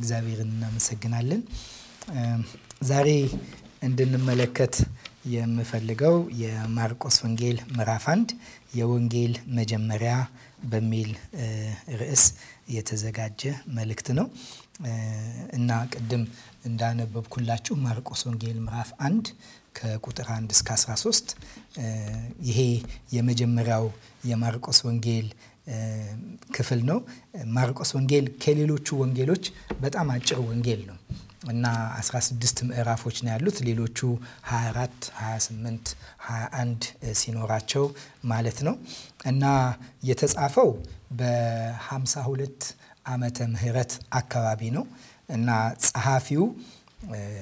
እግዚአብሔርን እናመሰግናለን። ዛሬ እንድንመለከት የምፈልገው የማርቆስ ወንጌል ምዕራፍ አንድ የወንጌል መጀመሪያ በሚል ርዕስ የተዘጋጀ መልእክት ነው እና ቅድም እንዳነበብኩላችሁ ማርቆስ ወንጌል ምዕራፍ አንድ ከቁጥር 1 እስከ 13 ይሄ የመጀመሪያው የማርቆስ ወንጌል ክፍል ነው። ማርቆስ ወንጌል ከሌሎቹ ወንጌሎች በጣም አጭር ወንጌል ነው እና 16 ምዕራፎች ነው ያሉት። ሌሎቹ 24፣ 28፣ 21 ሲኖራቸው ማለት ነው እና የተጻፈው በ52 ዓመተ ምህረት አካባቢ ነው እና ጸሐፊው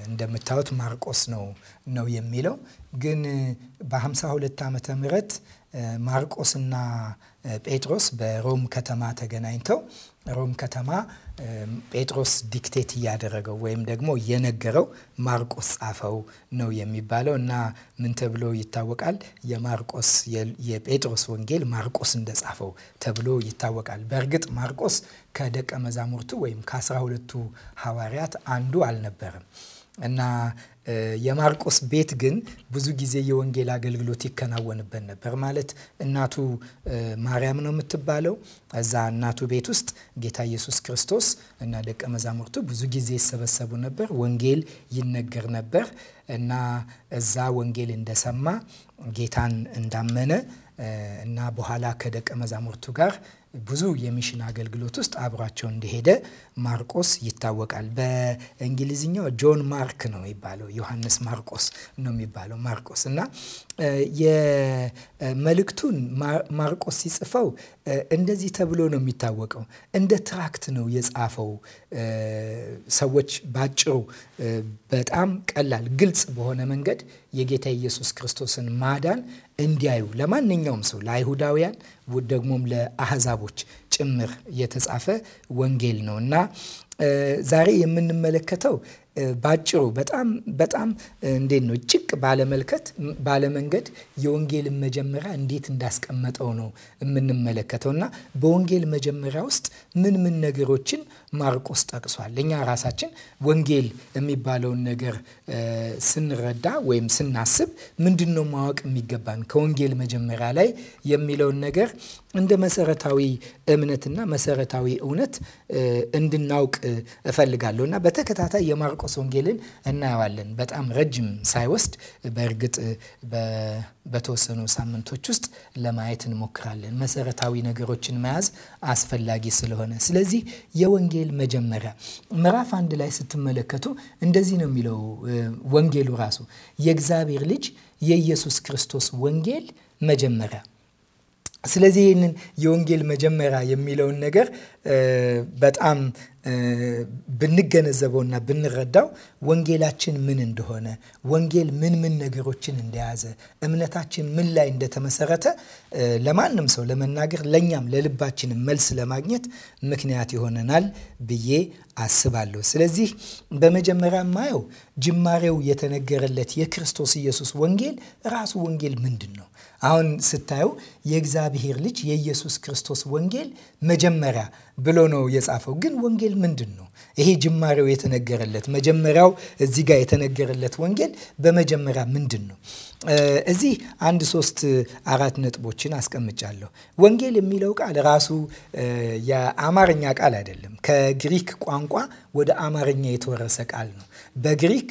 እንደምታዩት ማርቆስ ነው ነው የሚለው ግን በ52 ዓመተ ምህረት ማርቆስና ጴጥሮስ በሮም ከተማ ተገናኝተው ሮም ከተማ ጴጥሮስ ዲክቴት እያደረገው ወይም ደግሞ እየነገረው ማርቆስ ጻፈው ነው የሚባለው እና ምን ተብሎ ይታወቃል? የማርቆስ የጴጥሮስ ወንጌል ማርቆስ እንደጻፈው ተብሎ ይታወቃል። በእርግጥ ማርቆስ ከደቀ መዛሙርቱ ወይም ከአስራ ሁለቱ ሐዋርያት አንዱ አልነበረም። እና የማርቆስ ቤት ግን ብዙ ጊዜ የወንጌል አገልግሎት ይከናወንበት ነበር። ማለት እናቱ ማርያም ነው የምትባለው። እዛ እናቱ ቤት ውስጥ ጌታ ኢየሱስ ክርስቶስ እና ደቀ መዛሙርቱ ብዙ ጊዜ ይሰበሰቡ ነበር። ወንጌል ይነገር ነበር እና እዛ ወንጌል እንደሰማ ጌታን እንዳመነ እና በኋላ ከደቀ መዛሙርቱ ጋር ብዙ የሚሽን አገልግሎት ውስጥ አብሯቸው እንደሄደ ማርቆስ ይታወቃል። በእንግሊዝኛው ጆን ማርክ ነው የሚባለው፣ ዮሐንስ ማርቆስ ነው የሚባለው ማርቆስ እና የመልእክቱን ማርቆስ ሲጽፈው እንደዚህ ተብሎ ነው የሚታወቀው። እንደ ትራክት ነው የጻፈው። ሰዎች ባጭሩ በጣም ቀላል ግልጽ በሆነ መንገድ የጌታ ኢየሱስ ክርስቶስን ማዳን እንዲያዩ ለማንኛውም ሰው ለአይሁዳውያን ደግሞም ለአህዛቦች ጭምር የተጻፈ ወንጌል ነው እና ዛሬ የምንመለከተው ባጭሩ በጣም በጣም እንዴት ነው ጭቅ ባለመልከት ባለመንገድ የወንጌልን መጀመሪያ እንዴት እንዳስቀመጠው ነው የምንመለከተው እና በወንጌል መጀመሪያ ውስጥ ምን ምን ነገሮችን ማርቆስ ጠቅሷል። እኛ ራሳችን ወንጌል የሚባለውን ነገር ስንረዳ ወይም ስናስብ ምንድን ነው ማወቅ የሚገባን ከወንጌል መጀመሪያ ላይ የሚለውን ነገር እንደ መሰረታዊ እምነትና መሰረታዊ እውነት እንድናውቅ እፈልጋለሁ እና በተከታታይ የማርቆስ ወንጌልን እናየዋለን። በጣም ረጅም ሳይወስድ በእርግጥ በተወሰኑ ሳምንቶች ውስጥ ለማየት እንሞክራለን። መሰረታዊ ነገሮችን መያዝ አስፈላጊ ስለሆነ፣ ስለዚህ የወንጌል መጀመሪያ ምዕራፍ አንድ ላይ ስትመለከቱ እንደዚህ ነው የሚለው ወንጌሉ ራሱ የእግዚአብሔር ልጅ የኢየሱስ ክርስቶስ ወንጌል መጀመሪያ ስለዚህ ይህንን የወንጌል መጀመሪያ የሚለውን ነገር በጣም ብንገነዘበውና ብንረዳው ወንጌላችን ምን እንደሆነ ወንጌል ምን ምን ነገሮችን እንደያዘ እምነታችን ምን ላይ እንደተመሰረተ ለማንም ሰው ለመናገር ለእኛም ለልባችንም መልስ ለማግኘት ምክንያት ይሆነናል ብዬ አስባለሁ። ስለዚህ በመጀመሪያ ማየው ጅማሬው የተነገረለት የክርስቶስ ኢየሱስ ወንጌል ራሱ ወንጌል ምንድን ነው? አሁን ስታዩ የእግዚአብሔር ልጅ የኢየሱስ ክርስቶስ ወንጌል መጀመሪያ ብሎ ነው የጻፈው። ግን ወንጌል ምንድን ነው? ይሄ ጅማሬው የተነገረለት መጀመሪያው እዚህ ጋር የተነገረለት ወንጌል በመጀመሪያ ምንድን ነው? እዚህ አንድ ሶስት አራት ነጥቦችን አስቀምጫለሁ። ወንጌል የሚለው ቃል ራሱ የአማርኛ ቃል አይደለም። ከግሪክ ቋንቋ ወደ አማርኛ የተወረሰ ቃል ነው። በግሪክ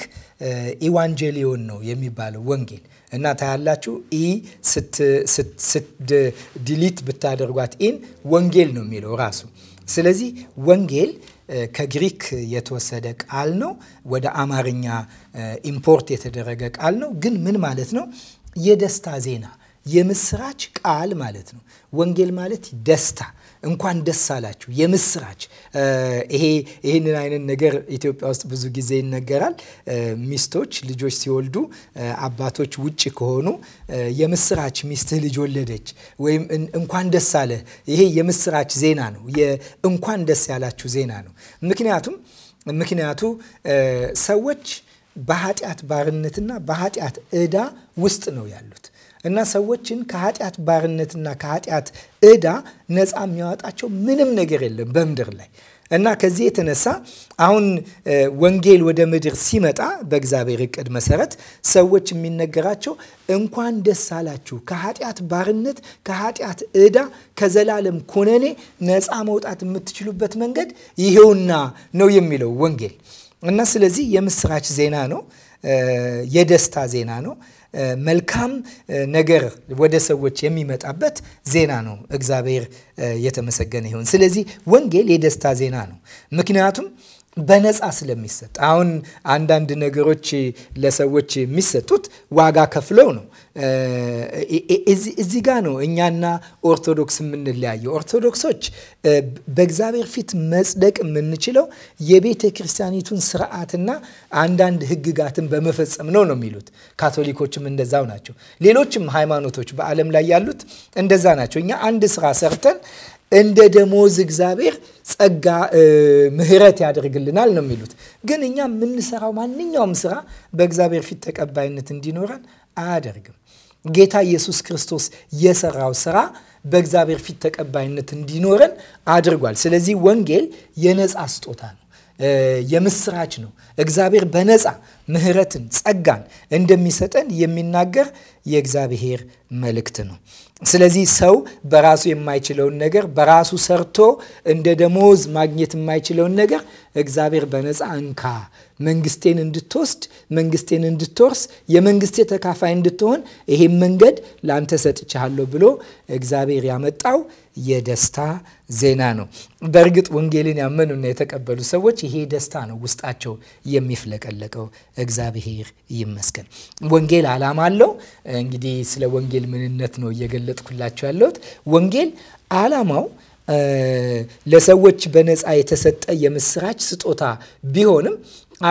ኢዋንጀሊዮን ነው የሚባለው ወንጌል እና ታያላችሁ ኢ ዲሊት ብታደርጓት ኢን ወንጌል ነው የሚለው ራሱ። ስለዚህ ወንጌል ከግሪክ የተወሰደ ቃል ነው፣ ወደ አማርኛ ኢምፖርት የተደረገ ቃል ነው። ግን ምን ማለት ነው? የደስታ ዜና፣ የምስራች ቃል ማለት ነው። ወንጌል ማለት ደስታ እንኳን ደስ አላችሁ የምስራች። ይሄ ይህንን አይነት ነገር ኢትዮጵያ ውስጥ ብዙ ጊዜ ይነገራል። ሚስቶች ልጆች ሲወልዱ አባቶች ውጭ ከሆኑ የምስራች ሚስትህ ልጅ ወለደች ወይም እንኳን ደስ አለ ይሄ የምስራች ዜና ነው። እንኳን ደስ ያላችሁ ዜና ነው። ምክንያቱም ምክንያቱ ሰዎች በኃጢአት ባርነትና በኃጢአት እዳ ውስጥ ነው ያሉት እና ሰዎችን ከኃጢአት ባርነትና ከኃጢአት እዳ ነፃ የሚያወጣቸው ምንም ነገር የለም በምድር ላይ እና ከዚህ የተነሳ አሁን ወንጌል ወደ ምድር ሲመጣ በእግዚአብሔር እቅድ መሰረት ሰዎች የሚነገራቸው እንኳን ደስ አላችሁ ከኃጢአት ባርነት፣ ከኃጢአት እዳ ከዘላለም ኮነኔ ነፃ መውጣት የምትችሉበት መንገድ ይሄውና ነው የሚለው ወንጌል እና ስለዚህ የምስራች ዜና ነው። የደስታ ዜና ነው። መልካም ነገር ወደ ሰዎች የሚመጣበት ዜና ነው። እግዚአብሔር የተመሰገነ ይሁን። ስለዚህ ወንጌል የደስታ ዜና ነው። ምክንያቱም በነፃ ስለሚሰጥ አሁን አንዳንድ ነገሮች ለሰዎች የሚሰጡት ዋጋ ከፍለው ነው። እዚህ ጋ ነው እኛና ኦርቶዶክስ የምንለያየው። ኦርቶዶክሶች በእግዚአብሔር ፊት መጽደቅ የምንችለው የቤተ ክርስቲያኒቱን ስርዓትና አንዳንድ ሕግጋትን በመፈጸም ነው ነው የሚሉት። ካቶሊኮችም እንደዛው ናቸው። ሌሎችም ሃይማኖቶች በዓለም ላይ ያሉት እንደዛ ናቸው። እኛ አንድ ስራ ሰርተን እንደ ደሞዝ እግዚአብሔር ጸጋ ምሕረት ያደርግልናል ነው የሚሉት። ግን እኛ የምንሰራው ማንኛውም ስራ በእግዚአብሔር ፊት ተቀባይነት እንዲኖረን አያደርግም። ጌታ ኢየሱስ ክርስቶስ የሰራው ስራ በእግዚአብሔር ፊት ተቀባይነት እንዲኖረን አድርጓል። ስለዚህ ወንጌል የነፃ ስጦታ ነው። የምስራች ነው። እግዚአብሔር በነፃ ምህረትን ጸጋን እንደሚሰጠን የሚናገር የእግዚአብሔር መልእክት ነው። ስለዚህ ሰው በራሱ የማይችለውን ነገር በራሱ ሰርቶ እንደ ደሞዝ ማግኘት የማይችለውን ነገር እግዚአብሔር በነፃ እንካ መንግስቴን እንድትወስድ መንግስቴን እንድትወርስ የመንግስቴ ተካፋይ እንድትሆን ይሄም መንገድ ለአንተ ሰጥቻለሁ ብሎ እግዚአብሔር ያመጣው የደስታ ዜና ነው። በእርግጥ ወንጌልን ያመኑና የተቀበሉ ሰዎች ይሄ ደስታ ነው ውስጣቸው የሚፍለቀለቀው። እግዚአብሔር ይመስገን። ወንጌል ዓላማ አለው። እንግዲህ ስለ ወንጌል ምንነት ነው እየገለጥኩላቸው ያለሁት። ወንጌል ዓላማው ለሰዎች በነፃ የተሰጠ የምስራች ስጦታ ቢሆንም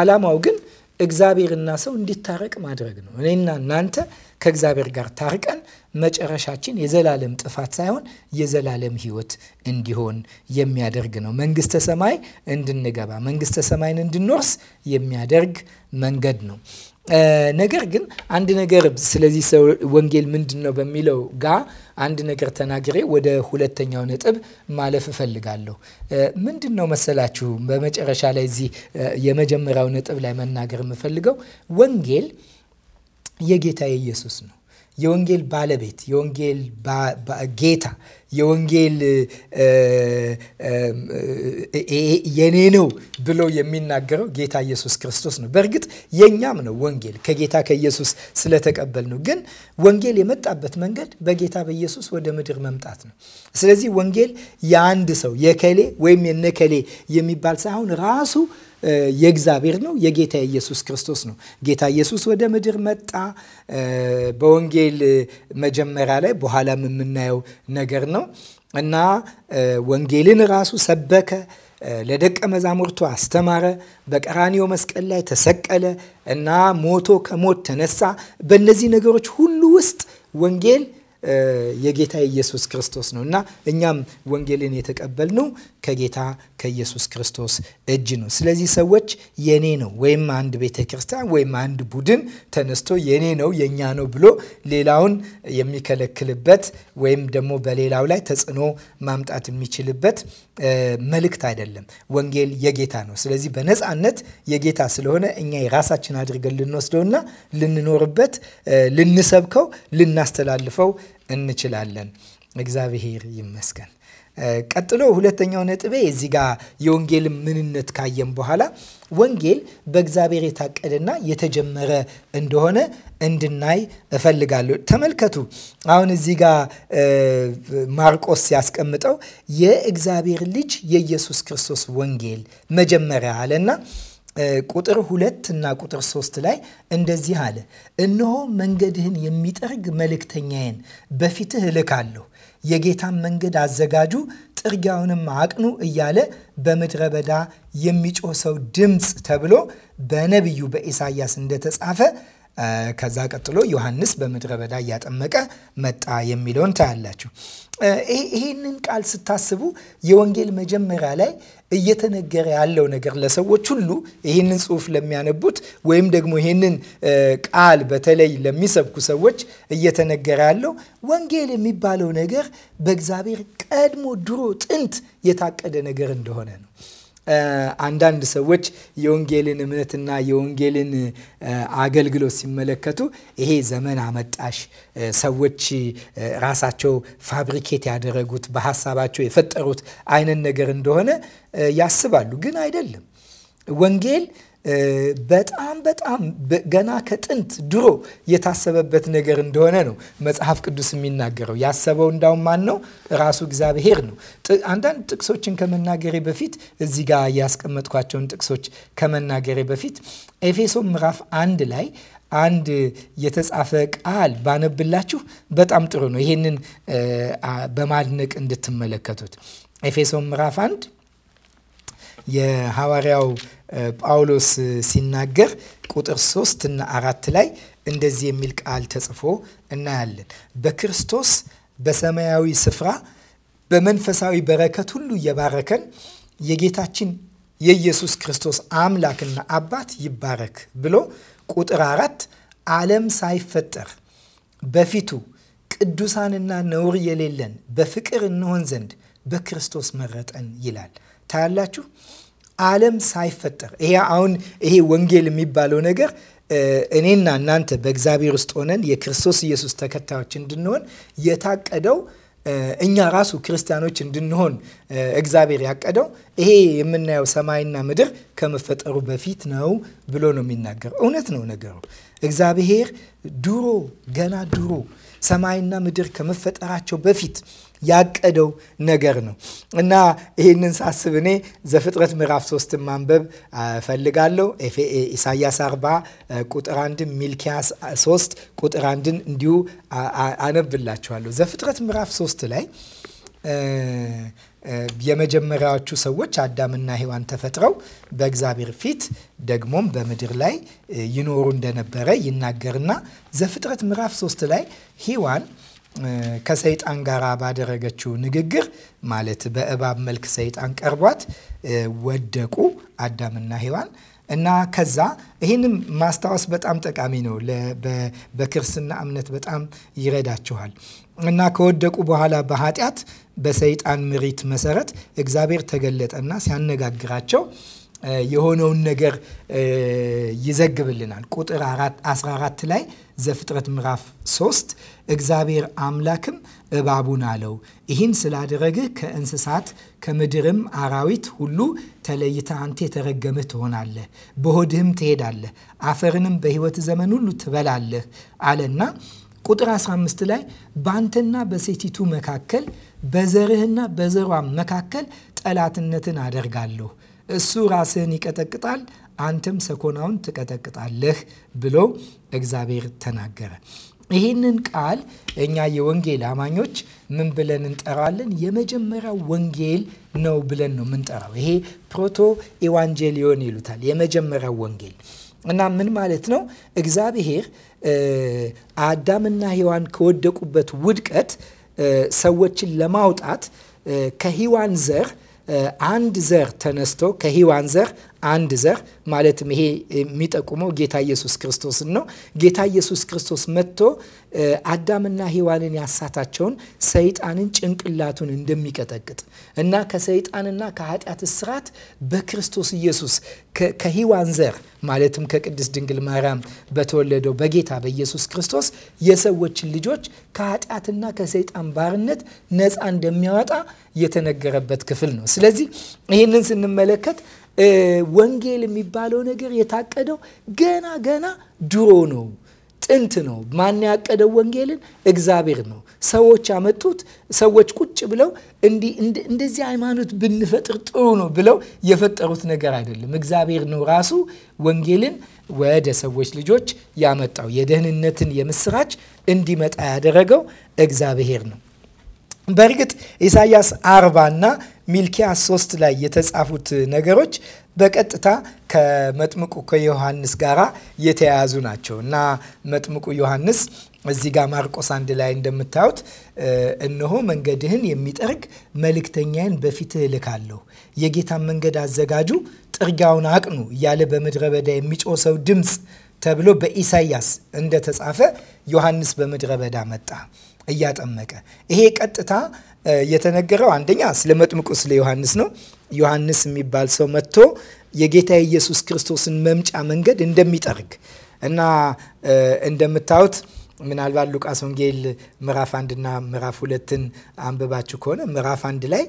ዓላማው ግን እግዚአብሔርና ሰው እንዲታረቅ ማድረግ ነው። እኔና እናንተ ከእግዚአብሔር ጋር ታርቀን መጨረሻችን የዘላለም ጥፋት ሳይሆን የዘላለም ሕይወት እንዲሆን የሚያደርግ ነው። መንግስተ ሰማይ እንድንገባ መንግስተ ሰማይን እንድንወርስ የሚያደርግ መንገድ ነው። ነገር ግን አንድ ነገር ስለዚህ ሰው ወንጌል ምንድን ነው በሚለው ጋ አንድ ነገር ተናግሬ ወደ ሁለተኛው ነጥብ ማለፍ እፈልጋለሁ። ምንድን ነው መሰላችሁ በመጨረሻ ላይ እዚህ የመጀመሪያው ነጥብ ላይ መናገር የምፈልገው ወንጌል የጌታ የኢየሱስ ነው። የወንጌል ባለቤት፣ የወንጌል ጌታ፣ የወንጌል የኔ ነው ብሎ የሚናገረው ጌታ ኢየሱስ ክርስቶስ ነው። በእርግጥ የእኛም ነው ወንጌል ከጌታ ከኢየሱስ ስለተቀበል ነው። ግን ወንጌል የመጣበት መንገድ በጌታ በኢየሱስ ወደ ምድር መምጣት ነው። ስለዚህ ወንጌል የአንድ ሰው የከሌ ወይም የነከሌ የሚባል ሳይሆን ራሱ የእግዚአብሔር ነው፣ የጌታ ኢየሱስ ክርስቶስ ነው። ጌታ ኢየሱስ ወደ ምድር መጣ። በወንጌል መጀመሪያ ላይ በኋላም የምናየው ነገር ነው እና ወንጌልን ራሱ ሰበከ ለደቀ መዛሙርቱ አስተማረ። በቀራኒዮ መስቀል ላይ ተሰቀለ እና ሞቶ ከሞት ተነሳ። በእነዚህ ነገሮች ሁሉ ውስጥ ወንጌል የጌታ ኢየሱስ ክርስቶስ ነው እና እኛም ወንጌልን የተቀበልነው ከጌታ ከኢየሱስ ክርስቶስ እጅ ነው። ስለዚህ ሰዎች የኔ ነው ወይም አንድ ቤተ ክርስቲያን ወይም አንድ ቡድን ተነስቶ የኔ ነው የእኛ ነው ብሎ ሌላውን የሚከለክልበት ወይም ደግሞ በሌላው ላይ ተጽዕኖ ማምጣት የሚችልበት መልእክት አይደለም። ወንጌል የጌታ ነው። ስለዚህ በነፃነት የጌታ ስለሆነ እኛ የራሳችን አድርገን ልንወስደውና ልንኖርበት፣ ልንሰብከው፣ ልናስተላልፈው እንችላለን። እግዚአብሔር ይመስገን። ቀጥሎ ሁለተኛው ነጥቤ እዚህ ጋር የወንጌል ምንነት ካየም በኋላ ወንጌል በእግዚአብሔር የታቀደና የተጀመረ እንደሆነ እንድናይ እፈልጋለሁ። ተመልከቱ አሁን እዚህ ጋር ማርቆስ ያስቀምጠው የእግዚአብሔር ልጅ የኢየሱስ ክርስቶስ ወንጌል መጀመሪያ አለና ቁጥር ሁለት እና ቁጥር ሶስት ላይ እንደዚህ አለ፣ እነሆ መንገድህን የሚጠርግ መልእክተኛዬን በፊትህ እልካለሁ የጌታን መንገድ አዘጋጁ፣ ጥርጊያውንም አቅኑ እያለ በምድረ በዳ የሚጮህ ሰው ድምፅ ተብሎ በነቢዩ በኢሳያስ እንደተጻፈ ከዛ ቀጥሎ ዮሐንስ በምድረ በዳ እያጠመቀ መጣ የሚለውን ታያላችሁ። ይህንን ቃል ስታስቡ የወንጌል መጀመሪያ ላይ እየተነገረ ያለው ነገር ለሰዎች ሁሉ ይህንን ጽሑፍ ለሚያነቡት ወይም ደግሞ ይህንን ቃል በተለይ ለሚሰብኩ ሰዎች እየተነገረ ያለው ወንጌል የሚባለው ነገር በእግዚአብሔር ቀድሞ ድሮ ጥንት የታቀደ ነገር እንደሆነ ነው። አንዳንድ ሰዎች የወንጌልን እምነትና የወንጌልን አገልግሎት ሲመለከቱ ይሄ ዘመን አመጣሽ ሰዎች ራሳቸው ፋብሪኬት ያደረጉት በሀሳባቸው የፈጠሩት አይነት ነገር እንደሆነ ያስባሉ። ግን አይደለም። ወንጌል በጣም በጣም ገና ከጥንት ድሮ የታሰበበት ነገር እንደሆነ ነው መጽሐፍ ቅዱስ የሚናገረው። ያሰበው እንዳውም ማን ነው? ራሱ እግዚአብሔር ነው። አንዳንድ ጥቅሶችን ከመናገሬ በፊት እዚህ ጋር ያስቀመጥኳቸውን ጥቅሶች ከመናገሬ በፊት ኤፌሶ ምዕራፍ አንድ ላይ አንድ የተጻፈ ቃል ባነብላችሁ በጣም ጥሩ ነው። ይሄንን በማድነቅ እንድትመለከቱት ኤፌሶ ምዕራፍ አንድ የሐዋርያው ጳውሎስ ሲናገር ቁጥር ሶስት እና አራት ላይ እንደዚህ የሚል ቃል ተጽፎ እናያለን። በክርስቶስ በሰማያዊ ስፍራ በመንፈሳዊ በረከት ሁሉ እየባረከን የጌታችን የኢየሱስ ክርስቶስ አምላክና አባት ይባረክ ብሎ ቁጥር አራት ዓለም ሳይፈጠር በፊቱ ቅዱሳንና ነውር የሌለን በፍቅር እንሆን ዘንድ በክርስቶስ መረጠን ይላል። ታያላችሁ። ዓለም ሳይፈጠር ይሄ አሁን ይሄ ወንጌል የሚባለው ነገር እኔና እናንተ በእግዚአብሔር ውስጥ ሆነን የክርስቶስ ኢየሱስ ተከታዮች እንድንሆን የታቀደው እኛ ራሱ ክርስቲያኖች እንድንሆን እግዚአብሔር ያቀደው ይሄ የምናየው ሰማይና ምድር ከመፈጠሩ በፊት ነው ብሎ ነው የሚናገረው። እውነት ነው ነገሩ። እግዚአብሔር ድሮ ገና ድሮ ሰማይና ምድር ከመፈጠራቸው በፊት ያቀደው ነገር ነው እና ይህንን ሳስብ እኔ ዘፍጥረት ምዕራፍ ሶስትን ማንበብ ፈልጋለሁ ኢሳያስ 40 ቁጥር አንድን ሚልኪያስ 3 ቁጥር አንድን እንዲሁ አነብላችኋለሁ። ዘፍጥረት ምዕራፍ ሶስት ላይ የመጀመሪያዎቹ ሰዎች አዳምና ሔዋን ተፈጥረው በእግዚአብሔር ፊት ደግሞም በምድር ላይ ይኖሩ እንደነበረ ይናገርና ዘፍጥረት ምዕራፍ ሶስት ላይ ሔዋን ከሰይጣን ጋር ባደረገችው ንግግር ማለት በእባብ መልክ ሰይጣን ቀርቧት ወደቁ አዳምና ሔዋን እና ከዛ ይህንም ማስታወስ በጣም ጠቃሚ ነው። በክርስትና እምነት በጣም ይረዳችኋል። እና ከወደቁ በኋላ በኃጢአት በሰይጣን ምሪት መሰረት እግዚአብሔር ተገለጠና ሲያነጋግራቸው የሆነውን ነገር ይዘግብልናል። ቁጥር 14 ላይ ዘፍጥረት ምዕራፍ 3 እግዚአብሔር አምላክም እባቡን አለው ይህን ስላደረግህ ከእንስሳት ከምድርም አራዊት ሁሉ ተለይተ አንተ የተረገምህ ትሆናለህ፣ በሆድህም ትሄዳለህ፣ አፈርንም በሕይወት ዘመን ሁሉ ትበላለህ አለና ቁጥር 15 ላይ በአንተና በሴቲቱ መካከል በዘርህና በዘሯ መካከል ጠላትነትን አደርጋለሁ እሱ ራስህን ይቀጠቅጣል፣ አንተም ሰኮናውን ትቀጠቅጣለህ ብሎ እግዚአብሔር ተናገረ። ይህንን ቃል እኛ የወንጌል አማኞች ምን ብለን እንጠራዋለን? የመጀመሪያው ወንጌል ነው ብለን ነው የምንጠራው። ይሄ ፕሮቶ ኢቫንጀሊዮን ይሉታል፣ የመጀመሪያው ወንጌል እና ምን ማለት ነው? እግዚአብሔር አዳምና ሔዋን ከወደቁበት ውድቀት ሰዎችን ለማውጣት ከሔዋን ዘር አንድ ዘር ተነስቶ ከሂዋን ዘር አንድ ዘር ማለትም ይሄ የሚጠቁመው ጌታ ኢየሱስ ክርስቶስን ነው። ጌታ ኢየሱስ ክርስቶስ መጥቶ አዳምና ሔዋንን ያሳታቸውን ሰይጣንን ጭንቅላቱን እንደሚቀጠቅጥ እና ከሰይጣንና ከኃጢአት እስራት በክርስቶስ ኢየሱስ ከሔዋን ዘር ማለትም ከቅድስት ድንግል ማርያም በተወለደው በጌታ በኢየሱስ ክርስቶስ የሰዎችን ልጆች ከኃጢአትና ከሰይጣን ባርነት ነፃ እንደሚያወጣ የተነገረበት ክፍል ነው። ስለዚህ ይህንን ስንመለከት ወንጌል የሚባለው ነገር የታቀደው ገና ገና ድሮ ነው፣ ጥንት ነው። ማን ያቀደው ወንጌልን? እግዚአብሔር ነው። ሰዎች ያመጡት ሰዎች ቁጭ ብለው እንደዚህ ሃይማኖት ብንፈጥር ጥሩ ነው ብለው የፈጠሩት ነገር አይደለም። እግዚአብሔር ነው ራሱ ወንጌልን ወደ ሰዎች ልጆች ያመጣው የደህንነትን የምስራች እንዲመጣ ያደረገው እግዚአብሔር ነው። በእርግጥ ኢሳያስ አርባ እና ሚልኪያስ 3 ላይ የተጻፉት ነገሮች በቀጥታ ከመጥምቁ ከዮሐንስ ጋራ የተያያዙ ናቸው እና መጥምቁ ዮሐንስ እዚህ ጋር ማርቆስ አንድ ላይ እንደምታዩት እነሆ መንገድህን የሚጠርግ መልእክተኛዬን በፊትህ እልካለሁ፣ የጌታን መንገድ አዘጋጁ፣ ጥርጊያውን አቅኑ እያለ በምድረ በዳ የሚጮህ ሰው ድምፅ ተብሎ በኢሳይያስ እንደተጻፈ ዮሐንስ በምድረ በዳ መጣ እያጠመቀ ይሄ ቀጥታ የተነገረው አንደኛ ስለ መጥምቁ ስለ ዮሐንስ ነው። ዮሐንስ የሚባል ሰው መጥቶ የጌታ የኢየሱስ ክርስቶስን መምጫ መንገድ እንደሚጠርግ እና እንደምታዩት ምናልባት ሉቃስ ወንጌል ምዕራፍ አንድና ምዕራፍ ሁለትን አንብባችሁ ከሆነ ምዕራፍ አንድ ላይ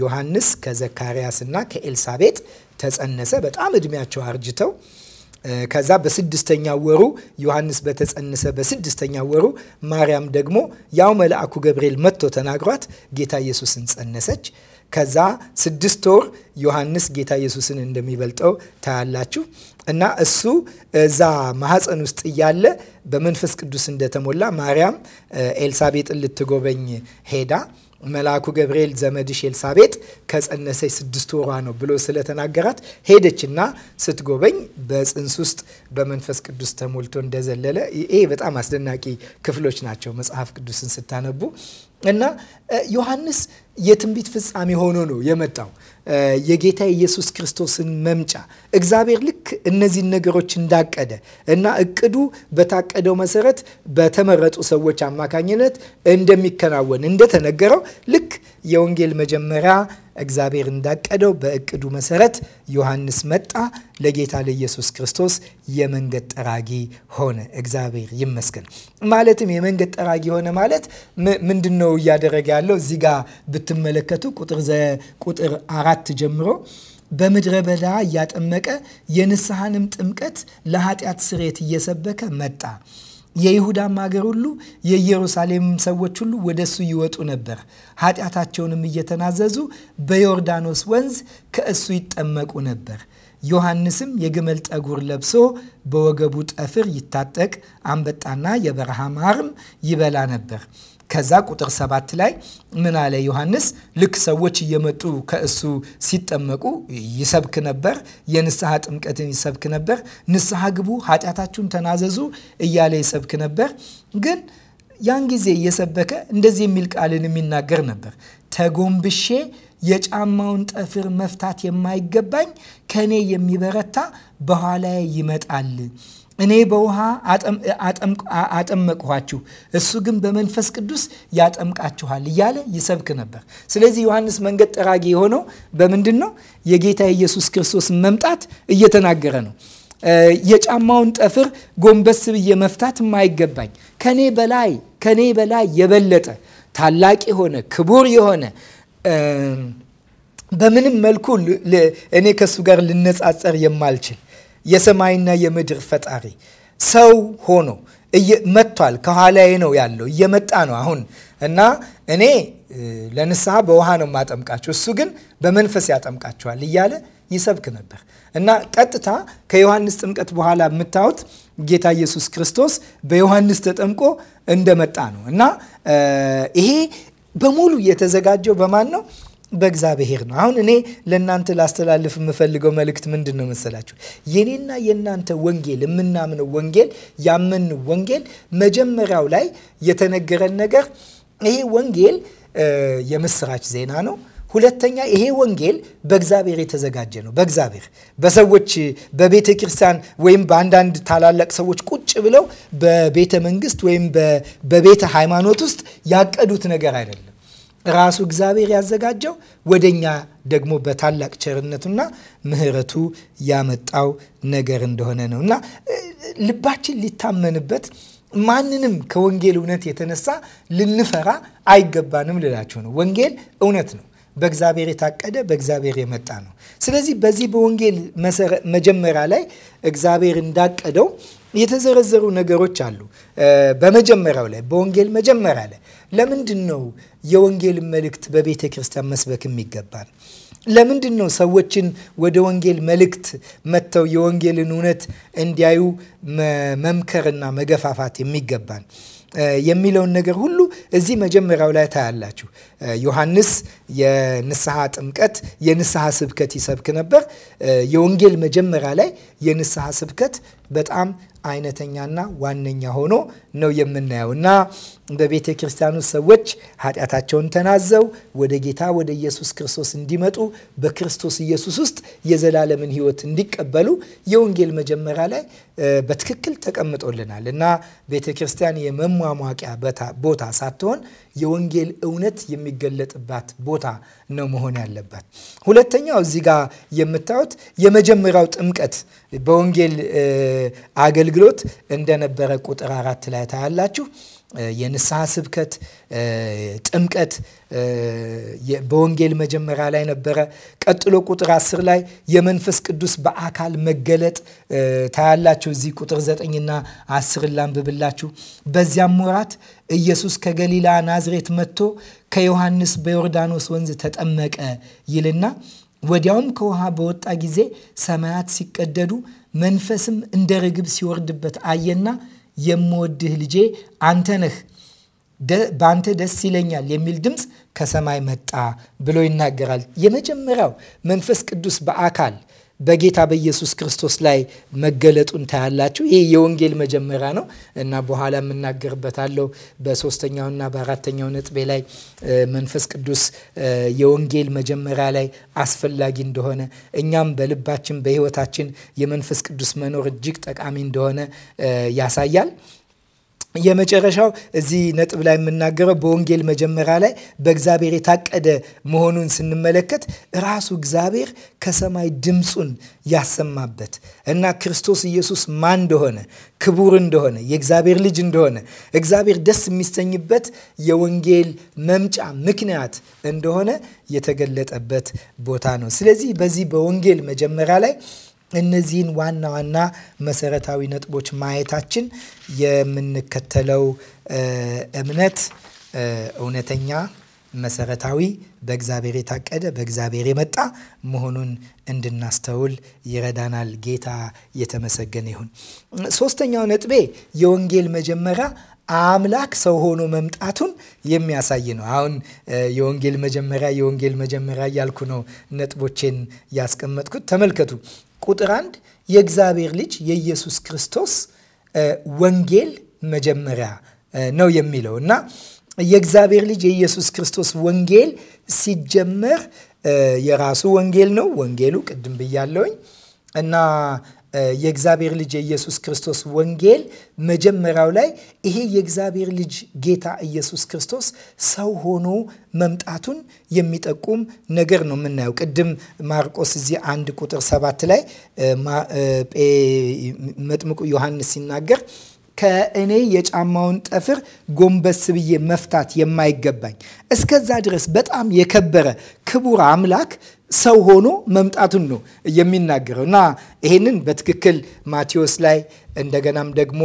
ዮሐንስ ከዘካርያስ እና ከኤልሳቤጥ ተጸነሰ። በጣም እድሜያቸው አርጅተው ከዛ በስድስተኛ ወሩ ዮሐንስ በተጸነሰ በስድስተኛ ወሩ ማርያም ደግሞ ያው መልአኩ ገብርኤል መጥቶ ተናግሯት ጌታ ኢየሱስን ጸነሰች። ከዛ ስድስት ወር ዮሐንስ ጌታ ኢየሱስን እንደሚበልጠው ታያላችሁ እና እሱ እዛ ማህፀን ውስጥ እያለ በመንፈስ ቅዱስ እንደተሞላ ማርያም ኤልሳቤጥን ልትጎበኝ ሄዳ መልአኩ ገብርኤል ዘመድሽ ኤልሳቤጥ ከጸነሰች ስድስት ወሯ ነው ብሎ ስለተናገራት ሄደችና ስትጎበኝ በጽንስ ውስጥ በመንፈስ ቅዱስ ተሞልቶ እንደዘለለ ይሄ በጣም አስደናቂ ክፍሎች ናቸው መጽሐፍ ቅዱስን ስታነቡ እና ዮሐንስ የትንቢት ፍጻሜ ሆኖ ነው የመጣው። የጌታ ኢየሱስ ክርስቶስን መምጫ እግዚአብሔር ልክ እነዚህን ነገሮች እንዳቀደ እና እቅዱ በታቀደው መሰረት በተመረጡ ሰዎች አማካኝነት እንደሚከናወን እንደተነገረው ልክ የወንጌል መጀመሪያ እግዚአብሔር እንዳቀደው በእቅዱ መሰረት ዮሐንስ መጣ። ለጌታ ለኢየሱስ ክርስቶስ የመንገድ ጠራጊ ሆነ። እግዚአብሔር ይመስገን። ማለትም የመንገድ ጠራጊ ሆነ ማለት ምንድን ነው እያደረገ ያለው? እዚህ ጋ ብትመለከቱ ቁጥር አራት ጀምሮ በምድረ በዳ እያጠመቀ የንስሐንም ጥምቀት ለኃጢአት ስርየት እየሰበከ መጣ የይሁዳም ሀገር ሁሉ የኢየሩሳሌም ሰዎች ሁሉ ወደ እሱ ይወጡ ነበር። ኃጢአታቸውንም እየተናዘዙ በዮርዳኖስ ወንዝ ከእሱ ይጠመቁ ነበር። ዮሐንስም የግመል ጠጉር ለብሶ በወገቡ ጠፍር ይታጠቅ፣ አንበጣና የበረሃ ማርም ይበላ ነበር። ከዛ ቁጥር ሰባት ላይ ምን አለ ዮሐንስ? ልክ ሰዎች እየመጡ ከእሱ ሲጠመቁ ይሰብክ ነበር። የንስሐ ጥምቀትን ይሰብክ ነበር። ንስሐ ግቡ፣ ኃጢአታችሁን ተናዘዙ እያለ ይሰብክ ነበር። ግን ያን ጊዜ እየሰበከ እንደዚህ የሚል ቃልን የሚናገር ነበር ተጎንብሼ የጫማውን ጠፍር መፍታት የማይገባኝ ከእኔ የሚበረታ በኋላ ይመጣል እኔ በውሃ አጠመቅኋችሁ፣ እሱ ግን በመንፈስ ቅዱስ ያጠምቃችኋል እያለ ይሰብክ ነበር። ስለዚህ ዮሐንስ መንገድ ጠራጊ የሆነው በምንድን ነው? የጌታ ኢየሱስ ክርስቶስ መምጣት እየተናገረ ነው። የጫማውን ጠፍር ጎንበስ ብዬ መፍታት የማይገባኝ ከኔ በላይ ከኔ በላይ የበለጠ ታላቅ የሆነ ክቡር የሆነ በምንም መልኩ እኔ ከእሱ ጋር ልነጻጸር የማልችል የሰማይና የምድር ፈጣሪ ሰው ሆኖ መጥቷል። ከኋላዬ ነው ያለው፣ እየመጣ ነው አሁን እና እኔ ለንስሐ በውሃ ነው የማጠምቃችሁ፣ እሱ ግን በመንፈስ ያጠምቃችኋል እያለ ይሰብክ ነበር እና ቀጥታ ከዮሐንስ ጥምቀት በኋላ የምታዩት ጌታ ኢየሱስ ክርስቶስ በዮሐንስ ተጠምቆ እንደመጣ ነው እና ይሄ በሙሉ የተዘጋጀው በማን ነው? በእግዚአብሔር ነው። አሁን እኔ ለእናንተ ላስተላልፍ የምፈልገው መልእክት ምንድን ነው መሰላችሁ? የኔና የእናንተ ወንጌል የምናምነው ወንጌል ያመን ወንጌል መጀመሪያው ላይ የተነገረን ነገር ይሄ ወንጌል የምስራች ዜና ነው። ሁለተኛ ይሄ ወንጌል በእግዚአብሔር የተዘጋጀ ነው። በእግዚአብሔር በሰዎች በቤተ ክርስቲያን ወይም በአንዳንድ ታላላቅ ሰዎች ቁጭ ብለው በቤተ መንግስት ወይም በቤተ ሃይማኖት ውስጥ ያቀዱት ነገር አይደለም። ራሱ እግዚአብሔር ያዘጋጀው ወደኛ ደግሞ በታላቅ ቸርነቱና ምሕረቱ ያመጣው ነገር እንደሆነ ነው እና ልባችን ሊታመንበት ማንንም ከወንጌል እውነት የተነሳ ልንፈራ አይገባንም ልላችሁ ነው። ወንጌል እውነት ነው። በእግዚአብሔር የታቀደ በእግዚአብሔር የመጣ ነው። ስለዚህ በዚህ በወንጌል መጀመሪያ ላይ እግዚአብሔር እንዳቀደው የተዘረዘሩ ነገሮች አሉ። በመጀመሪያው ላይ በወንጌል መጀመሪያ ላይ ለምንድን ነው የወንጌል መልእክት በቤተ ክርስቲያን መስበክ የሚገባን? ለምንድን ነው ሰዎችን ወደ ወንጌል መልእክት መጥተው የወንጌልን እውነት እንዲያዩ መምከርና መገፋፋት የሚገባን የሚለውን ነገር ሁሉ እዚህ መጀመሪያው ላይ ታያላችሁ። ዮሐንስ የንስሐ ጥምቀት፣ የንስሐ ስብከት ይሰብክ ነበር። የወንጌል መጀመሪያ ላይ የንስሐ ስብከት በጣም አይነተኛና ዋነኛ ሆኖ ነው የምናየው እና በቤተ ክርስቲያኑ ሰዎች ኃጢአታቸውን ተናዘው ወደ ጌታ ወደ ኢየሱስ ክርስቶስ እንዲመጡ በክርስቶስ ኢየሱስ ውስጥ የዘላለምን ሕይወት እንዲቀበሉ የወንጌል መጀመሪያ ላይ በትክክል ተቀምጦልናል እና ቤተ ክርስቲያን የመሟሟቂያ ቦታ ሳትሆን የወንጌል እውነት የሚገለጥባት ቦታ ነው መሆን ያለባት። ሁለተኛው እዚህ ጋር የምታዩት የመጀመሪያው ጥምቀት በወንጌል አገልግሎት እንደነበረ ቁጥር አራት ላይ ታያላችሁ። የንስሐ ስብከት፣ ጥምቀት በወንጌል መጀመሪያ ላይ ነበረ። ቀጥሎ ቁጥር አስር ላይ የመንፈስ ቅዱስ በአካል መገለጥ ታያላችሁ። እዚህ ቁጥር ዘጠኝና አስርን ላንብብላችሁ። በዚያም ወራት ኢየሱስ ከገሊላ ናዝሬት መጥቶ ከዮሐንስ በዮርዳኖስ ወንዝ ተጠመቀ ይልና ወዲያውም ከውሃ በወጣ ጊዜ ሰማያት ሲቀደዱ መንፈስም እንደ ርግብ ሲወርድበት አየና የምወድህ ልጄ አንተ ነህ፣ በአንተ ደስ ይለኛል የሚል ድምፅ ከሰማይ መጣ ብሎ ይናገራል። የመጀመሪያው መንፈስ ቅዱስ በአካል በጌታ በኢየሱስ ክርስቶስ ላይ መገለጡን ታያላችሁ። ይህ የወንጌል መጀመሪያ ነው እና በኋላ የምናገርበታለሁ። በሶስተኛውና በአራተኛው ነጥቤ ላይ መንፈስ ቅዱስ የወንጌል መጀመሪያ ላይ አስፈላጊ እንደሆነ እኛም በልባችን በሕይወታችን የመንፈስ ቅዱስ መኖር እጅግ ጠቃሚ እንደሆነ ያሳያል። የመጨረሻው እዚህ ነጥብ ላይ የምናገረው በወንጌል መጀመሪያ ላይ በእግዚአብሔር የታቀደ መሆኑን ስንመለከት ራሱ እግዚአብሔር ከሰማይ ድምፁን ያሰማበት እና ክርስቶስ ኢየሱስ ማን እንደሆነ ክቡር እንደሆነ የእግዚአብሔር ልጅ እንደሆነ እግዚአብሔር ደስ የሚሰኝበት የወንጌል መምጫ ምክንያት እንደሆነ የተገለጠበት ቦታ ነው። ስለዚህ በዚህ በወንጌል መጀመሪያ ላይ እነዚህን ዋና ዋና መሰረታዊ ነጥቦች ማየታችን የምንከተለው እምነት እውነተኛ፣ መሰረታዊ፣ በእግዚአብሔር የታቀደ በእግዚአብሔር የመጣ መሆኑን እንድናስተውል ይረዳናል። ጌታ የተመሰገነ ይሁን። ሶስተኛው ነጥቤ የወንጌል መጀመሪያ አምላክ ሰው ሆኖ መምጣቱን የሚያሳይ ነው። አሁን የወንጌል መጀመሪያ የወንጌል መጀመሪያ እያልኩ ነው ነጥቦቼን ያስቀመጥኩት። ተመልከቱ ቁጥር አንድ የእግዚአብሔር ልጅ የኢየሱስ ክርስቶስ ወንጌል መጀመሪያ ነው የሚለው እና የእግዚአብሔር ልጅ የኢየሱስ ክርስቶስ ወንጌል ሲጀመር የራሱ ወንጌል ነው። ወንጌሉ ቅድም ብያለውኝ እና የእግዚአብሔር ልጅ የኢየሱስ ክርስቶስ ወንጌል መጀመሪያው ላይ ይሄ የእግዚአብሔር ልጅ ጌታ ኢየሱስ ክርስቶስ ሰው ሆኖ መምጣቱን የሚጠቁም ነገር ነው የምናየው። ቅድም ማርቆስ እዚህ አንድ ቁጥር ሰባት ላይ መጥምቁ ዮሐንስ ሲናገር ከእኔ የጫማውን ጠፍር ጎንበስ ብዬ መፍታት የማይገባኝ እስከዛ ድረስ በጣም የከበረ ክቡር አምላክ ሰው ሆኖ መምጣቱን ነው የሚናገረው እና ይህንን በትክክል ማቴዎስ ላይ እንደገናም ደግሞ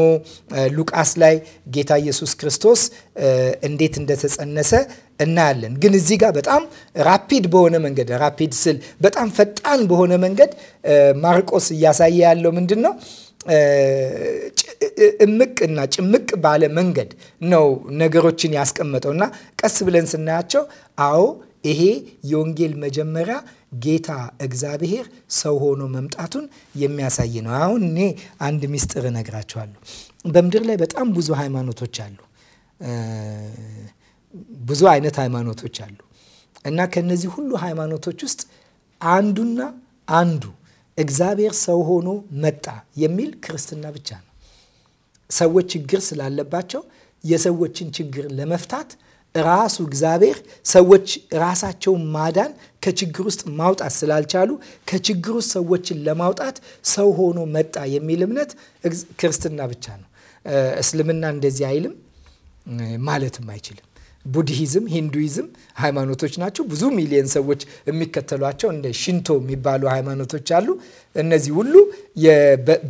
ሉቃስ ላይ ጌታ ኢየሱስ ክርስቶስ እንዴት እንደተጸነሰ እናያለን። ግን እዚህ ጋር በጣም ራፒድ በሆነ መንገድ ራፒድ ስል በጣም ፈጣን በሆነ መንገድ ማርቆስ እያሳየ ያለው ምንድን ነው? እምቅ እና ጭምቅ ባለ መንገድ ነው ነገሮችን ያስቀመጠው እና ቀስ ብለን ስናያቸው አዎ ይሄ የወንጌል መጀመሪያ ጌታ እግዚአብሔር ሰው ሆኖ መምጣቱን የሚያሳይ ነው። አሁን እኔ አንድ ሚስጥር እነግራቸዋለሁ። በምድር ላይ በጣም ብዙ ሃይማኖቶች አሉ፣ ብዙ አይነት ሃይማኖቶች አሉ እና ከነዚህ ሁሉ ሃይማኖቶች ውስጥ አንዱና አንዱ እግዚአብሔር ሰው ሆኖ መጣ የሚል ክርስትና ብቻ ነው። ሰዎች ችግር ስላለባቸው የሰዎችን ችግር ለመፍታት ራሱ እግዚአብሔር ሰዎች ራሳቸውን ማዳን ከችግር ውስጥ ማውጣት ስላልቻሉ ከችግር ውስጥ ሰዎችን ለማውጣት ሰው ሆኖ መጣ የሚል እምነት ክርስትና ብቻ ነው። እስልምና እንደዚህ አይልም ማለትም አይችልም። ቡድሂዝም፣ ሂንዱይዝም ሃይማኖቶች ናቸው። ብዙ ሚሊዮን ሰዎች የሚከተሏቸው እንደ ሽንቶ የሚባሉ ሃይማኖቶች አሉ። እነዚህ ሁሉ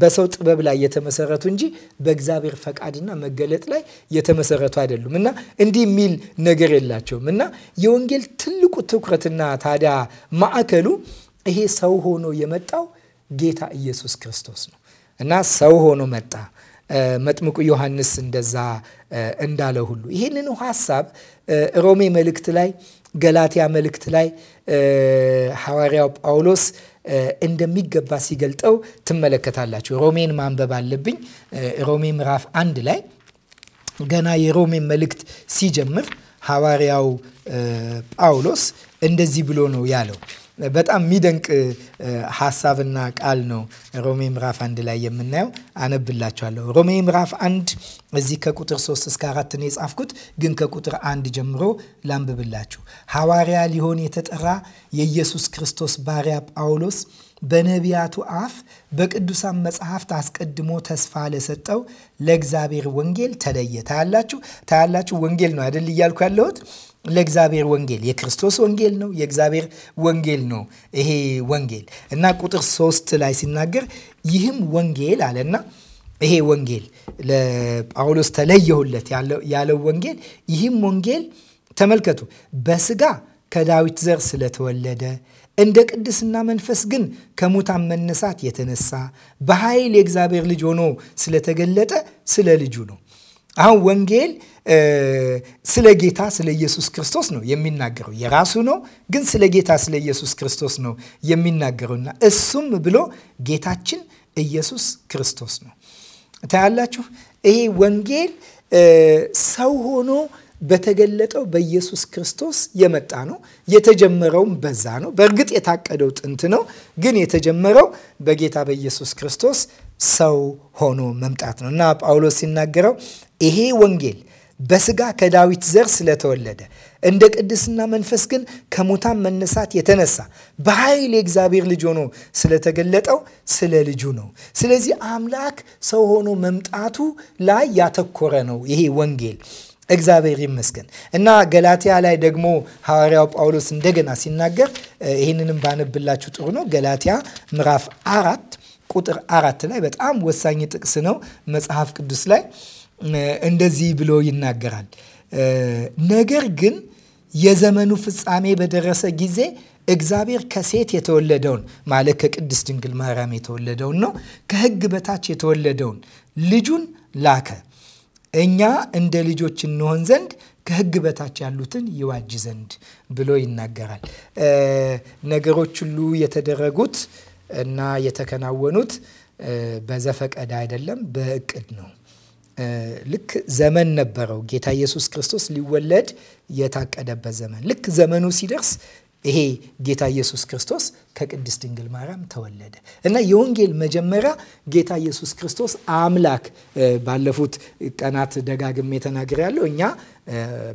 በሰው ጥበብ ላይ የተመሰረቱ እንጂ በእግዚአብሔር ፈቃድና መገለጥ ላይ የተመሰረቱ አይደሉም እና እንዲህ የሚል ነገር የላቸውም እና የወንጌል ትልቁ ትኩረትና ታዲያ ማዕከሉ ይሄ ሰው ሆኖ የመጣው ጌታ ኢየሱስ ክርስቶስ ነው እና ሰው ሆኖ መጣ መጥምቁ ዮሐንስ እንደዛ እንዳለ ሁሉ ይህንን ሀሳብ ሮሜ መልእክት ላይ፣ ገላትያ መልእክት ላይ ሐዋርያው ጳውሎስ እንደሚገባ ሲገልጠው ትመለከታላችሁ። ሮሜን ማንበብ አለብኝ። ሮሜ ምዕራፍ አንድ ላይ ገና የሮሜን መልእክት ሲጀምር ሐዋርያው ጳውሎስ እንደዚህ ብሎ ነው ያለው በጣም የሚደንቅ ሀሳብና ቃል ነው። ሮሜ ምዕራፍ አንድ ላይ የምናየው አነብላችኋለሁ። ሮሜ ምዕራፍ አንድ እዚህ ከቁጥር ሶስት እስከ አራት ነው የጻፍኩት፣ ግን ከቁጥር አንድ ጀምሮ ላንብብላችሁ። ሐዋርያ ሊሆን የተጠራ የኢየሱስ ክርስቶስ ባሪያ ጳውሎስ በነቢያቱ አፍ በቅዱሳን መጽሐፍት አስቀድሞ ተስፋ ለሰጠው ለእግዚአብሔር ወንጌል ተለየ። ታያላችሁ ታያላችሁ፣ ወንጌል ነው አይደል እያልኩ ያለሁት ለእግዚአብሔር ወንጌል የክርስቶስ ወንጌል ነው። የእግዚአብሔር ወንጌል ነው ይሄ ወንጌል እና ቁጥር ሶስት ላይ ሲናገር ይህም ወንጌል አለና ይሄ ወንጌል ለጳውሎስ ተለየሁለት ያለው ወንጌል ይህም ወንጌል ተመልከቱ በስጋ ከዳዊት ዘር ስለተወለደ እንደ ቅድስና መንፈስ ግን ከሙታን መነሳት የተነሳ በኃይል የእግዚአብሔር ልጅ ሆኖ ስለተገለጠ ስለ ልጁ ነው። አሁን ወንጌል ስለ ጌታ ስለ ኢየሱስ ክርስቶስ ነው የሚናገረው። የራሱ ነው ግን ስለ ጌታ ስለ ኢየሱስ ክርስቶስ ነው የሚናገረውና እሱም ብሎ ጌታችን ኢየሱስ ክርስቶስ ነው። ታያላችሁ፣ ይሄ ወንጌል ሰው ሆኖ በተገለጠው በኢየሱስ ክርስቶስ የመጣ ነው። የተጀመረውም በዛ ነው። በእርግጥ የታቀደው ጥንት ነው፣ ግን የተጀመረው በጌታ በኢየሱስ ክርስቶስ ሰው ሆኖ መምጣት ነው እና ጳውሎስ ሲናገረው ይሄ ወንጌል በስጋ ከዳዊት ዘር ስለተወለደ እንደ ቅድስና መንፈስ ግን ከሙታን መነሳት የተነሳ በኃይል የእግዚአብሔር ልጅ ሆኖ ስለተገለጠው ስለ ልጁ ነው። ስለዚህ አምላክ ሰው ሆኖ መምጣቱ ላይ ያተኮረ ነው ይሄ ወንጌል። እግዚአብሔር ይመስገን እና ገላትያ ላይ ደግሞ ሐዋርያው ጳውሎስ እንደገና ሲናገር ይህንንም ባነብላችሁ ጥሩ ነው። ገላትያ ምዕራፍ አራት ቁጥር አራት ላይ በጣም ወሳኝ ጥቅስ ነው መጽሐፍ ቅዱስ ላይ እንደዚህ ብሎ ይናገራል። ነገር ግን የዘመኑ ፍጻሜ በደረሰ ጊዜ እግዚአብሔር ከሴት የተወለደውን ማለት ከቅድስት ድንግል ማርያም የተወለደውን ነው፣ ከሕግ በታች የተወለደውን ልጁን ላከ፣ እኛ እንደ ልጆች እንሆን ዘንድ ከሕግ በታች ያሉትን ይዋጅ ዘንድ ብሎ ይናገራል። ነገሮች ሁሉ የተደረጉት እና የተከናወኑት በዘፈቀድ አይደለም፣ በእቅድ ነው። ልክ ዘመን ነበረው ጌታ ኢየሱስ ክርስቶስ ሊወለድ የታቀደበት ዘመን። ልክ ዘመኑ ሲደርስ ይሄ ጌታ ኢየሱስ ክርስቶስ ከቅድስት ድንግል ማርያም ተወለደ እና የወንጌል መጀመሪያ ጌታ ኢየሱስ ክርስቶስ አምላክ ባለፉት ቀናት ደጋግሜ ተናግሬ ያለው እኛ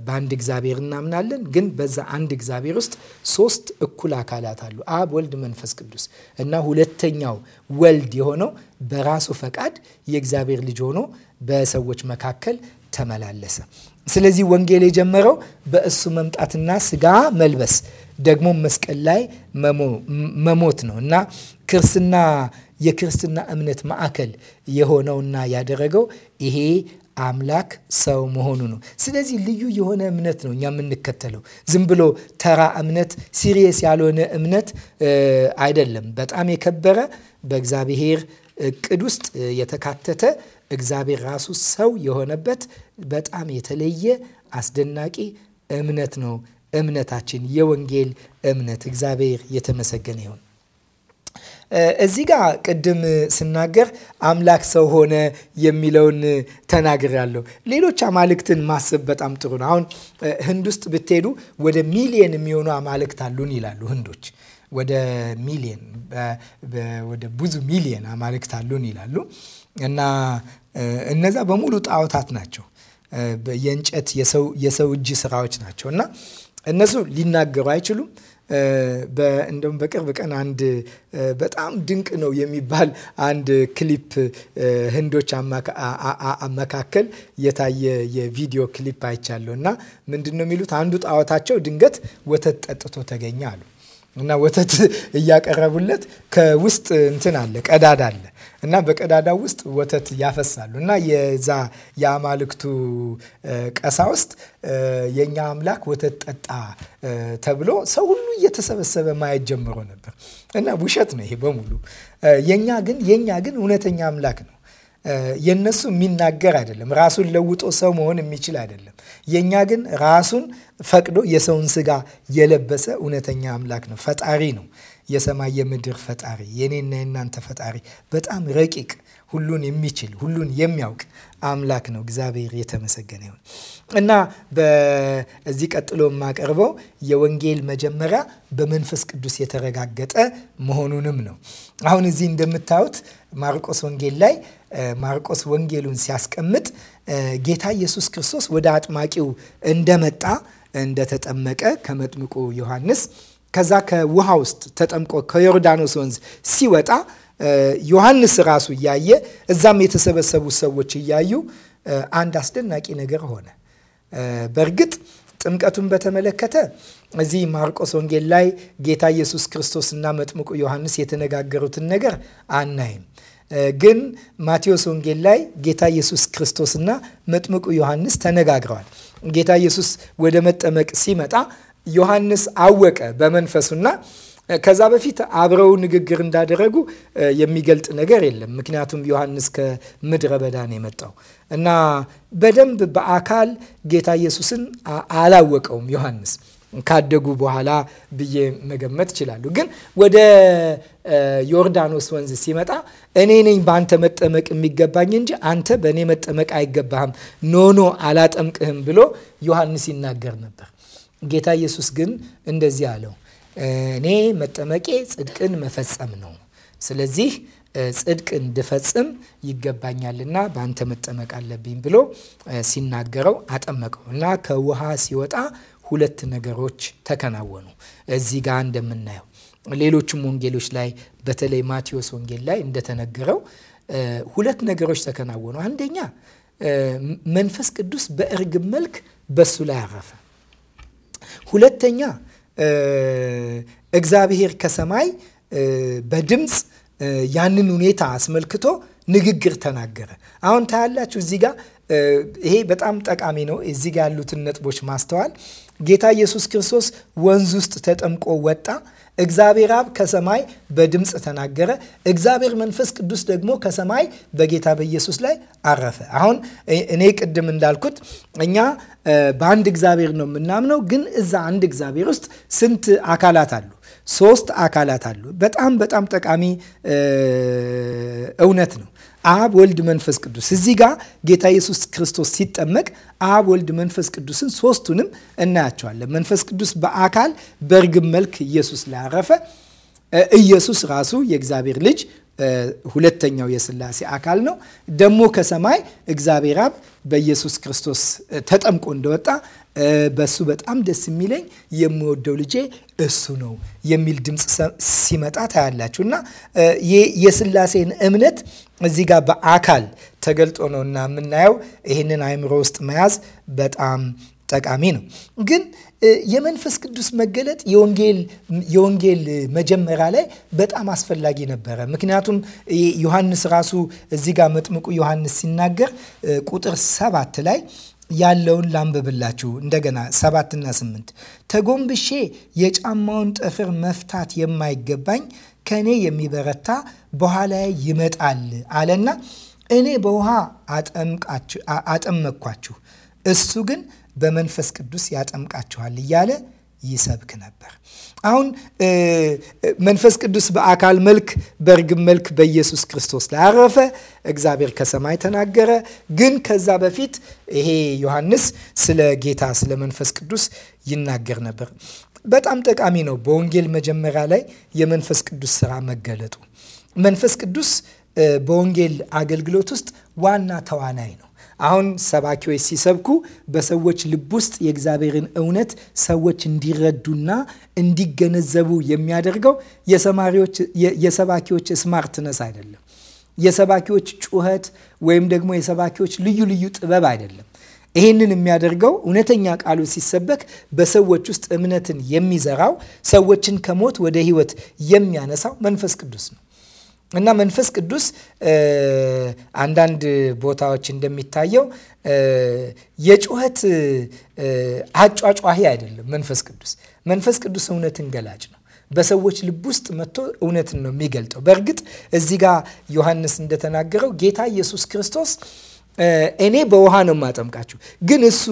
በአንድ እግዚአብሔር እናምናለን። ግን በዛ አንድ እግዚአብሔር ውስጥ ሶስት እኩል አካላት አሉ፣ አብ፣ ወልድ፣ መንፈስ ቅዱስ እና ሁለተኛው ወልድ የሆነው በራሱ ፈቃድ የእግዚአብሔር ልጅ ሆኖ በሰዎች መካከል ተመላለሰ ስለዚህ ወንጌል የጀመረው በእሱ መምጣትና ስጋ መልበስ ደግሞ መስቀል ላይ መሞት ነው እና ክርስትና የክርስትና እምነት ማዕከል የሆነውና ያደረገው ይሄ አምላክ ሰው መሆኑ ነው። ስለዚህ ልዩ የሆነ እምነት ነው እኛ የምንከተለው። ዝም ብሎ ተራ እምነት፣ ሲሪየስ ያልሆነ እምነት አይደለም። በጣም የከበረ በእግዚአብሔር እቅድ ውስጥ የተካተተ እግዚአብሔር ራሱ ሰው የሆነበት በጣም የተለየ አስደናቂ እምነት ነው። እምነታችን የወንጌል እምነት እግዚአብሔር የተመሰገነ ይሁን። እዚህ ጋ ቅድም ስናገር አምላክ ሰው ሆነ የሚለውን ተናግሬያለሁ። ሌሎች አማልክትን ማሰብ በጣም ጥሩ ነው። አሁን ህንድ ውስጥ ብትሄዱ ወደ ሚሊየን የሚሆኑ አማልክት አሉን ይላሉ ህንዶች። ወደ ሚሊየን ወደ ብዙ ሚሊየን አማልክት አሉን ይላሉ። እና እነዛ በሙሉ ጣዖታት ናቸው። የእንጨት የሰው እጅ ስራዎች ናቸው እና እነሱ ሊናገሩ አይችሉም። እንደውም በቅርብ ቀን አንድ በጣም ድንቅ ነው የሚባል አንድ ክሊፕ ህንዶች መካከል የታየ የቪዲዮ ክሊፕ አይቻለሁ እና ምንድን ነው የሚሉት አንዱ ጣዖታቸው ድንገት ወተት ጠጥቶ ተገኘ አሉ እና ወተት እያቀረቡለት ከውስጥ እንትን አለ ቀዳዳ አለ እና በቀዳዳው ውስጥ ወተት ያፈሳሉ እና የዛ የአማልክቱ ውስጥ የእኛ አምላክ ወተት ጠጣ ተብሎ ሰው ሁሉ እየተሰበሰበ ማየት ጀምሮ ነበር። እና ውሸት ነው ይሄ በሙሉ። የኛ ግን የኛ ግን እውነተኛ አምላክ ነው። የነሱ የሚናገር አይደለም። ራሱን ለውጦ ሰው መሆን የሚችል አይደለም። የእኛ ግን ራሱን ፈቅዶ የሰውን ስጋ የለበሰ እውነተኛ አምላክ ነው። ፈጣሪ ነው። የሰማይ የምድር ፈጣሪ የኔና የናንተ ፈጣሪ በጣም ረቂቅ ሁሉን የሚችል ሁሉን የሚያውቅ አምላክ ነው። እግዚአብሔር የተመሰገነ ይሁን እና በዚህ ቀጥሎ የማቀርበው የወንጌል መጀመሪያ በመንፈስ ቅዱስ የተረጋገጠ መሆኑንም ነው። አሁን እዚህ እንደምታዩት ማርቆስ ወንጌል ላይ ማርቆስ ወንጌሉን ሲያስቀምጥ ጌታ ኢየሱስ ክርስቶስ ወደ አጥማቂው እንደመጣ እንደተጠመቀ ከመጥምቁ ዮሐንስ ከዛ ከውሃ ውስጥ ተጠምቆ ከዮርዳኖስ ወንዝ ሲወጣ ዮሐንስ ራሱ እያየ እዛም የተሰበሰቡ ሰዎች እያዩ አንድ አስደናቂ ነገር ሆነ። በእርግጥ ጥምቀቱን በተመለከተ እዚህ ማርቆስ ወንጌል ላይ ጌታ ኢየሱስ እና መጥምቁ ዮሐንስ የተነጋገሩትን ነገር አናይም። ግን ማቴዎስ ወንጌል ላይ ጌታ ኢየሱስ ክርስቶስና መጥምቁ ዮሐንስ ተነጋግረዋል። ጌታ ኢየሱስ ወደ መጠመቅ ሲመጣ ዮሐንስ አወቀ በመንፈሱና ከዛ በፊት አብረው ንግግር እንዳደረጉ የሚገልጥ ነገር የለም። ምክንያቱም ዮሐንስ ከምድረ በዳ ነው የመጣው እና በደንብ በአካል ጌታ ኢየሱስን አላወቀውም ዮሐንስ ካደጉ በኋላ ብዬ መገመት ይችላሉ። ግን ወደ ዮርዳኖስ ወንዝ ሲመጣ እኔ ነኝ በአንተ መጠመቅ የሚገባኝ እንጂ አንተ በእኔ መጠመቅ አይገባህም፣ ኖኖ አላጠምቅህም ብሎ ዮሐንስ ይናገር ነበር። ጌታ ኢየሱስ ግን እንደዚህ አለው፣ እኔ መጠመቄ ጽድቅን መፈጸም ነው። ስለዚህ ጽድቅ እንድፈጽም ይገባኛልና በአንተ መጠመቅ አለብኝ ብሎ ሲናገረው አጠመቀው እና ከውሃ ሲወጣ ሁለት ነገሮች ተከናወኑ። እዚህ ጋር እንደምናየው ሌሎችም ወንጌሎች ላይ በተለይ ማቴዎስ ወንጌል ላይ እንደተነገረው ሁለት ነገሮች ተከናወኑ። አንደኛ መንፈስ ቅዱስ በእርግብ መልክ በሱ ላይ አረፈ። ሁለተኛ እግዚአብሔር ከሰማይ በድምፅ ያንን ሁኔታ አስመልክቶ ንግግር ተናገረ። አሁን ታያላችሁ እዚህ ጋር ይሄ በጣም ጠቃሚ ነው። እዚህ ጋር ያሉትን ነጥቦች ማስተዋል ጌታ ኢየሱስ ክርስቶስ ወንዝ ውስጥ ተጠምቆ ወጣ። እግዚአብሔር አብ ከሰማይ በድምፅ ተናገረ። እግዚአብሔር መንፈስ ቅዱስ ደግሞ ከሰማይ በጌታ በኢየሱስ ላይ አረፈ። አሁን እኔ ቅድም እንዳልኩት እኛ በአንድ እግዚአብሔር ነው የምናምነው፣ ግን እዛ አንድ እግዚአብሔር ውስጥ ስንት አካላት አሉ? ሶስት አካላት አሉ። በጣም በጣም ጠቃሚ እውነት ነው። አብ፣ ወልድ፣ መንፈስ ቅዱስ እዚህ ጋር ጌታ ኢየሱስ ክርስቶስ ሲጠመቅ አብ፣ ወልድ፣ መንፈስ ቅዱስን ሶስቱንም እናያቸዋለን። መንፈስ ቅዱስ በአካል በእርግብ መልክ ኢየሱስ ላይ አረፈ። ኢየሱስ ራሱ የእግዚአብሔር ልጅ ሁለተኛው የስላሴ አካል ነው። ደግሞ ከሰማይ እግዚአብሔር አብ በኢየሱስ ክርስቶስ ተጠምቆ እንደወጣ በሱ በጣም ደስ የሚለኝ የምወደው ልጄ እሱ ነው የሚል ድምፅ ሲመጣ ታያላችሁ። እና የስላሴን እምነት እዚህ ጋር በአካል ተገልጦ ነው እና የምናየው። ይህንን አይምሮ ውስጥ መያዝ በጣም ጠቃሚ ነው። ግን የመንፈስ ቅዱስ መገለጥ የወንጌል መጀመሪያ ላይ በጣም አስፈላጊ ነበረ። ምክንያቱም ዮሐንስ ራሱ እዚህ ጋር መጥምቁ ዮሐንስ ሲናገር ቁጥር ሰባት ላይ ያለውን ላንብብላችሁ እንደገና ሰባትና ስምንት ተጎንብሼ የጫማውን ጥፍር መፍታት የማይገባኝ ከእኔ የሚበረታ በኋላ ይመጣል አለና እኔ በውሃ አጠመኳችሁ እሱ ግን በመንፈስ ቅዱስ ያጠምቃችኋል እያለ ይሰብክ ነበር። አሁን መንፈስ ቅዱስ በአካል መልክ በእርግብ መልክ በኢየሱስ ክርስቶስ ላይ አረፈ። እግዚአብሔር ከሰማይ ተናገረ። ግን ከዛ በፊት ይሄ ዮሐንስ ስለ ጌታ ስለ መንፈስ ቅዱስ ይናገር ነበር። በጣም ጠቃሚ ነው። በወንጌል መጀመሪያ ላይ የመንፈስ ቅዱስ ስራ መገለጡ መንፈስ ቅዱስ በወንጌል አገልግሎት ውስጥ ዋና ተዋናይ ነው። አሁን ሰባኪዎች ሲሰብኩ በሰዎች ልብ ውስጥ የእግዚአብሔርን እውነት ሰዎች እንዲረዱና እንዲገነዘቡ የሚያደርገው የሰባኪዎች ስማርትነስ አይደለም። የሰባኪዎች ጩኸት ወይም ደግሞ የሰባኪዎች ልዩ ልዩ ጥበብ አይደለም። ይህንን የሚያደርገው እውነተኛ ቃሉ ሲሰበክ በሰዎች ውስጥ እምነትን የሚዘራው ሰዎችን ከሞት ወደ ሕይወት የሚያነሳው መንፈስ ቅዱስ ነው። እና መንፈስ ቅዱስ አንዳንድ ቦታዎች እንደሚታየው የጩኸት አጯጯሂ አይደለም። መንፈስ ቅዱስ መንፈስ ቅዱስ እውነትን ገላጭ ነው። በሰዎች ልብ ውስጥ መጥቶ እውነትን ነው የሚገልጠው። በእርግጥ እዚህ ጋር ዮሐንስ እንደተናገረው ጌታ ኢየሱስ ክርስቶስ እኔ በውሃ ነው የማጠምቃችሁ፣ ግን እሱ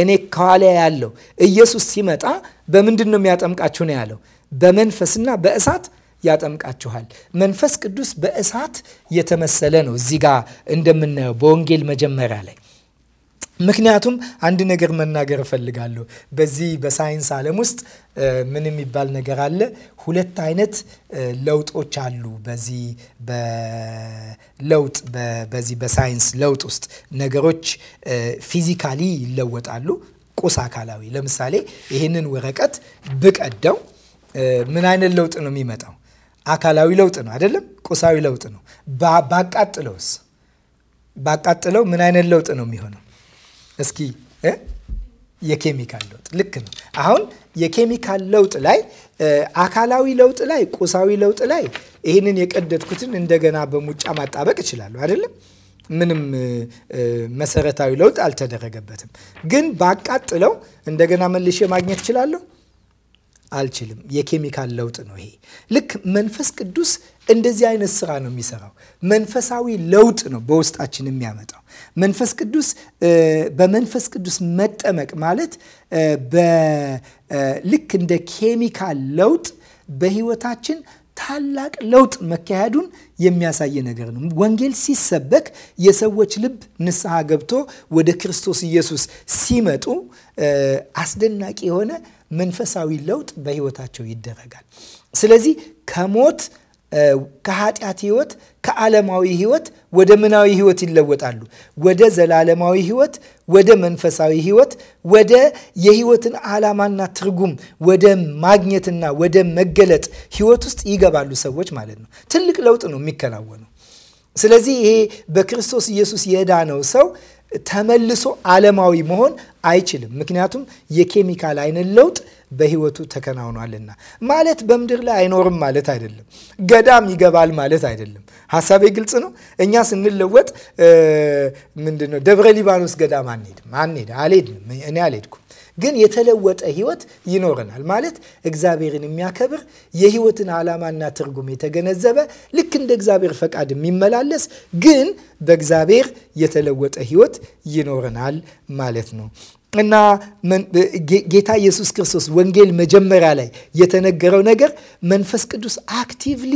እኔ ከኋላ ያለው ኢየሱስ ሲመጣ በምንድን ነው የሚያጠምቃችሁ ነው ያለው በመንፈስና በእሳት ያጠምቃችኋል። መንፈስ ቅዱስ በእሳት የተመሰለ ነው። እዚህ ጋ እንደምናየው በወንጌል መጀመሪያ ላይ ምክንያቱም አንድ ነገር መናገር እፈልጋለሁ። በዚህ በሳይንስ ዓለም ውስጥ ምን የሚባል ነገር አለ? ሁለት አይነት ለውጦች አሉ። በዚህ በለውጥ በዚህ በሳይንስ ለውጥ ውስጥ ነገሮች ፊዚካሊ ይለወጣሉ። ቁስ አካላዊ፣ ለምሳሌ ይህንን ወረቀት ብቀደው ምን አይነት ለውጥ ነው የሚመጣው? አካላዊ ለውጥ ነው አይደለም? ቁሳዊ ለውጥ ነው። ባቃጥለውስ ባቃጥለው ምን አይነት ለውጥ ነው የሚሆነው? እስኪ የኬሚካል ለውጥ ልክ ነው። አሁን የኬሚካል ለውጥ ላይ አካላዊ ለውጥ ላይ ቁሳዊ ለውጥ ላይ ይህንን የቀደድኩትን እንደገና በሙጫ ማጣበቅ እችላለሁ አይደለም? ምንም መሰረታዊ ለውጥ አልተደረገበትም። ግን ባቃጥለው እንደገና መልሼ ማግኘት እችላለሁ። አልችልም። የኬሚካል ለውጥ ነው ይሄ። ልክ መንፈስ ቅዱስ እንደዚህ አይነት ስራ ነው የሚሰራው። መንፈሳዊ ለውጥ ነው በውስጣችን የሚያመጣው። መንፈስ ቅዱስ በመንፈስ ቅዱስ መጠመቅ ማለት ልክ እንደ ኬሚካል ለውጥ በህይወታችን ታላቅ ለውጥ መካሄዱን የሚያሳይ ነገር ነው። ወንጌል ሲሰበክ የሰዎች ልብ ንስሐ ገብቶ ወደ ክርስቶስ ኢየሱስ ሲመጡ አስደናቂ የሆነ መንፈሳዊ ለውጥ በህይወታቸው ይደረጋል። ስለዚህ ከሞት ከኃጢአት ህይወት ከዓለማዊ ህይወት ወደ ምናዊ ህይወት ይለወጣሉ። ወደ ዘላለማዊ ህይወት፣ ወደ መንፈሳዊ ህይወት፣ ወደ የህይወትን ዓላማና ትርጉም ወደ ማግኘትና ወደ መገለጥ ህይወት ውስጥ ይገባሉ ሰዎች ማለት ነው። ትልቅ ለውጥ ነው የሚከናወኑ። ስለዚህ ይሄ በክርስቶስ ኢየሱስ የዳነው ሰው ተመልሶ ዓለማዊ መሆን አይችልም። ምክንያቱም የኬሚካል አይነት ለውጥ በህይወቱ ተከናውኗልና ማለት በምድር ላይ አይኖርም ማለት አይደለም። ገዳም ይገባል ማለት አይደለም። ሀሳቤ ግልጽ ነው። እኛ ስንለወጥ ምንድነው ደብረ ሊባኖስ ገዳም አንሄድም፣ አንሄድ አልሄድንም። እኔ አልሄድኩም። ግን የተለወጠ ህይወት ይኖረናል ማለት እግዚአብሔርን የሚያከብር የህይወትን ዓላማና ትርጉም የተገነዘበ ልክ እንደ እግዚአብሔር ፈቃድ የሚመላለስ ግን በእግዚአብሔር የተለወጠ ህይወት ይኖረናል ማለት ነው። እና ጌታ ኢየሱስ ክርስቶስ ወንጌል መጀመሪያ ላይ የተነገረው ነገር መንፈስ ቅዱስ አክቲቭሊ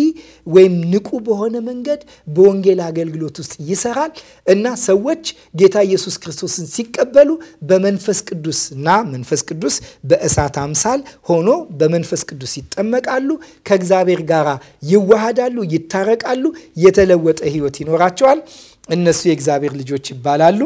ወይም ንቁ በሆነ መንገድ በወንጌል አገልግሎት ውስጥ ይሰራል እና ሰዎች ጌታ ኢየሱስ ክርስቶስን ሲቀበሉ በመንፈስ ቅዱስ እና መንፈስ ቅዱስ በእሳት አምሳል ሆኖ በመንፈስ ቅዱስ ይጠመቃሉ፣ ከእግዚአብሔር ጋር ይዋሃዳሉ፣ ይታረቃሉ፣ የተለወጠ ህይወት ይኖራቸዋል። እነሱ የእግዚአብሔር ልጆች ይባላሉ።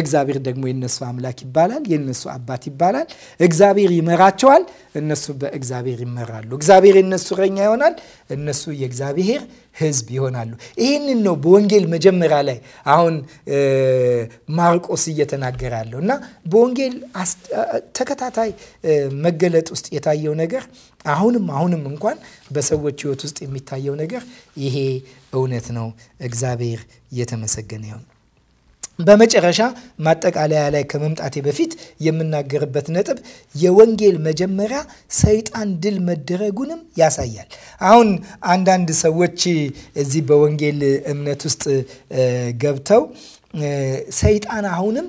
እግዚአብሔር ደግሞ የነሱ አምላክ ይባላል፣ የነሱ አባት ይባላል። እግዚአብሔር ይመራቸዋል፣ እነሱ በእግዚአብሔር ይመራሉ። እግዚአብሔር የነሱ እረኛ ይሆናል፣ እነሱ የእግዚአብሔር ሕዝብ ይሆናሉ። ይህንን ነው በወንጌል መጀመሪያ ላይ አሁን ማርቆስ እየተናገረ ያለው እና በወንጌል ተከታታይ መገለጥ ውስጥ የታየው ነገር አሁንም አሁንም እንኳን በሰዎች ሕይወት ውስጥ የሚታየው ነገር ይሄ እውነት ነው። እግዚአብሔር የተመሰገነ ይሆን። በመጨረሻ ማጠቃለያ ላይ ከመምጣቴ በፊት የምናገርበት ነጥብ የወንጌል መጀመሪያ ሰይጣን ድል መደረጉንም ያሳያል። አሁን አንዳንድ ሰዎች እዚህ በወንጌል እምነት ውስጥ ገብተው ሰይጣን አሁንም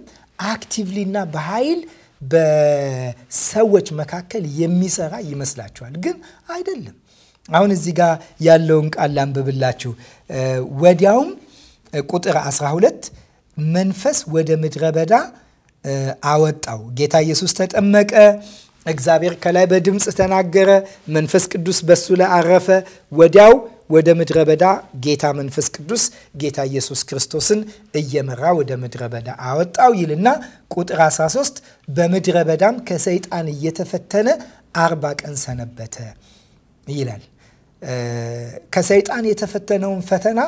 አክቲቭሊ በኃይል በሰዎች መካከል የሚሰራ ይመስላችኋል፣ ግን አይደለም። አሁን እዚህ ጋር ያለውን ቃል ላንብብላችሁ። ወዲያውም ቁጥር 12 መንፈስ ወደ ምድረ በዳ አወጣው። ጌታ ኢየሱስ ተጠመቀ። እግዚአብሔር ከላይ በድምፅ ተናገረ። መንፈስ ቅዱስ በሱ ላይ አረፈ። ወዲያው ወደ ምድረ በዳ ጌታ መንፈስ ቅዱስ ጌታ ኢየሱስ ክርስቶስን እየመራ ወደ ምድረ በዳ አወጣው ይልና ቁጥር 13 በምድረ በዳም ከሰይጣን እየተፈተነ አርባ ቀን ሰነበተ ይላል። ከሰይጣን የተፈተነውን ፈተና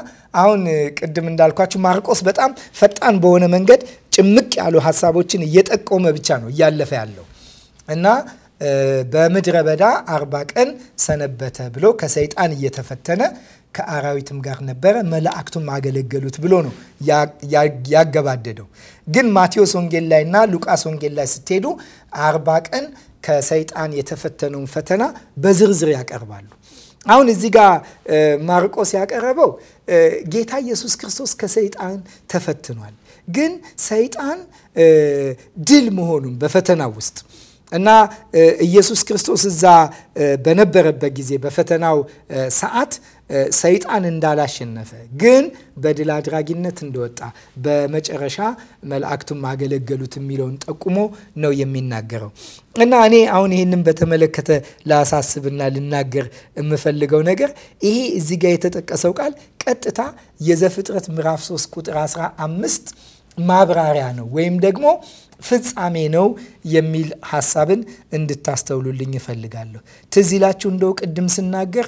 አሁን ቅድም እንዳልኳችሁ ማርቆስ በጣም ፈጣን በሆነ መንገድ ጭምቅ ያሉ ሀሳቦችን እየጠቆመ ብቻ ነው እያለፈ ያለው እና በምድረ በዳ አርባ ቀን ሰነበተ ብሎ ከሰይጣን እየተፈተነ ከአራዊትም ጋር ነበረ፣ መላእክቱም አገለገሉት ብሎ ነው ያገባደደው። ግን ማቴዎስ ወንጌል ላይ እና ሉቃስ ወንጌል ላይ ስትሄዱ አርባ ቀን ከሰይጣን የተፈተነውን ፈተና በዝርዝር ያቀርባሉ። አሁን እዚህ ጋር ማርቆስ ያቀረበው ጌታ ኢየሱስ ክርስቶስ ከሰይጣን ተፈትኗል፣ ግን ሰይጣን ድል መሆኑን በፈተና ውስጥ እና ኢየሱስ ክርስቶስ እዛ በነበረበት ጊዜ በፈተናው ሰዓት ሰይጣን እንዳላሸነፈ ግን በድል አድራጊነት እንደወጣ በመጨረሻ መላእክቱም አገለገሉት የሚለውን ጠቁሞ ነው የሚናገረው። እና እኔ አሁን ይህንን በተመለከተ ላሳስብና ልናገር የምፈልገው ነገር ይሄ እዚህ ጋር የተጠቀሰው ቃል ቀጥታ የዘፍጥረት ምዕራፍ 3 ቁጥር 15 ማብራሪያ ነው ወይም ደግሞ ፍጻሜ ነው የሚል ሀሳብን እንድታስተውሉልኝ እፈልጋለሁ። ትዝ ይላችሁ እንደው ቅድም ስናገር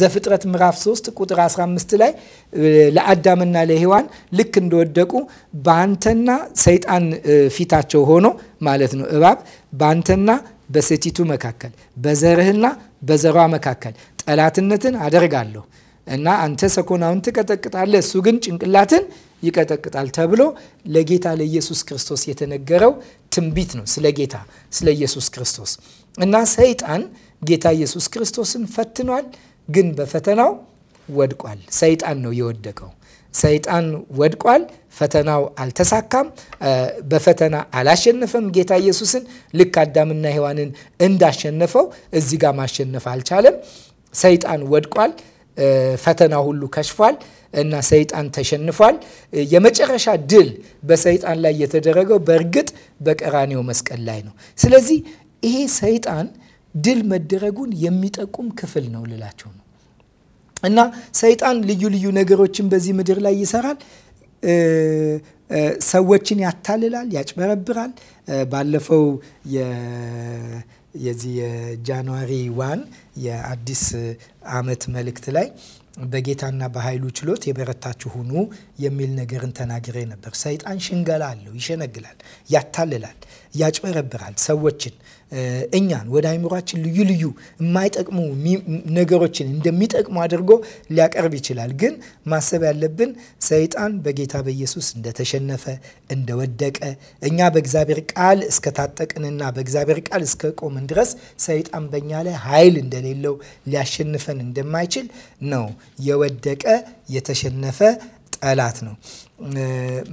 ዘፍጥረት ምዕራፍ 3 ቁጥር 15 ላይ ለአዳምና ለሔዋን ልክ እንደወደቁ በአንተና ሰይጣን ፊታቸው ሆኖ ማለት ነው እባብ በአንተና በሴቲቱ መካከል በዘርህና በዘሯ መካከል ጠላትነትን አደርጋለሁ እና አንተ ሰኮናውን ትቀጠቅጣለ እሱ ግን ጭንቅላትን ይቀጠቅጣል ተብሎ ለጌታ ለኢየሱስ ክርስቶስ የተነገረው ትንቢት ነው። ስለ ጌታ ስለ ኢየሱስ ክርስቶስ እና ሰይጣን ጌታ ኢየሱስ ክርስቶስን ፈትኗል። ግን በፈተናው ወድቋል። ሰይጣን ነው የወደቀው። ሰይጣን ወድቋል። ፈተናው አልተሳካም። በፈተና አላሸነፈም። ጌታ ኢየሱስን ልክ አዳምና ሔዋንን እንዳሸነፈው እዚህ ጋር ማሸነፍ አልቻለም። ሰይጣን ወድቋል። ፈተና ሁሉ ከሽፏል እና ሰይጣን ተሸንፏል። የመጨረሻ ድል በሰይጣን ላይ የተደረገው በእርግጥ በቀራኔው መስቀል ላይ ነው። ስለዚህ ይሄ ሰይጣን ድል መደረጉን የሚጠቁም ክፍል ነው ልላቸው ነው። እና ሰይጣን ልዩ ልዩ ነገሮችን በዚህ ምድር ላይ ይሰራል። ሰዎችን ያታልላል፣ ያጭበረብራል። ባለፈው የዚህ የጃንዋሪ ዋን የአዲስ አመት መልእክት ላይ በጌታና በኃይሉ ችሎት የበረታችሁ ሁኑ የሚል ነገርን ተናግሬ ነበር። ሰይጣን ሽንገላ አለው፣ ይሸነግላል፣ ያታልላል፣ ያጭበረብራል ሰዎችን እኛን ወደ አይምሯችን ልዩ ልዩ የማይጠቅሙ ነገሮችን እንደሚጠቅሙ አድርጎ ሊያቀርብ ይችላል። ግን ማሰብ ያለብን ሰይጣን በጌታ በኢየሱስ እንደተሸነፈ፣ እንደወደቀ እኛ በእግዚአብሔር ቃል እስከታጠቅንና በእግዚአብሔር ቃል እስከ ቆምን ድረስ ሰይጣን በእኛ ላይ ኃይል እንደሌለው ሊያሸንፈን እንደማይችል ነው። የወደቀ የተሸነፈ ጠላት ነው።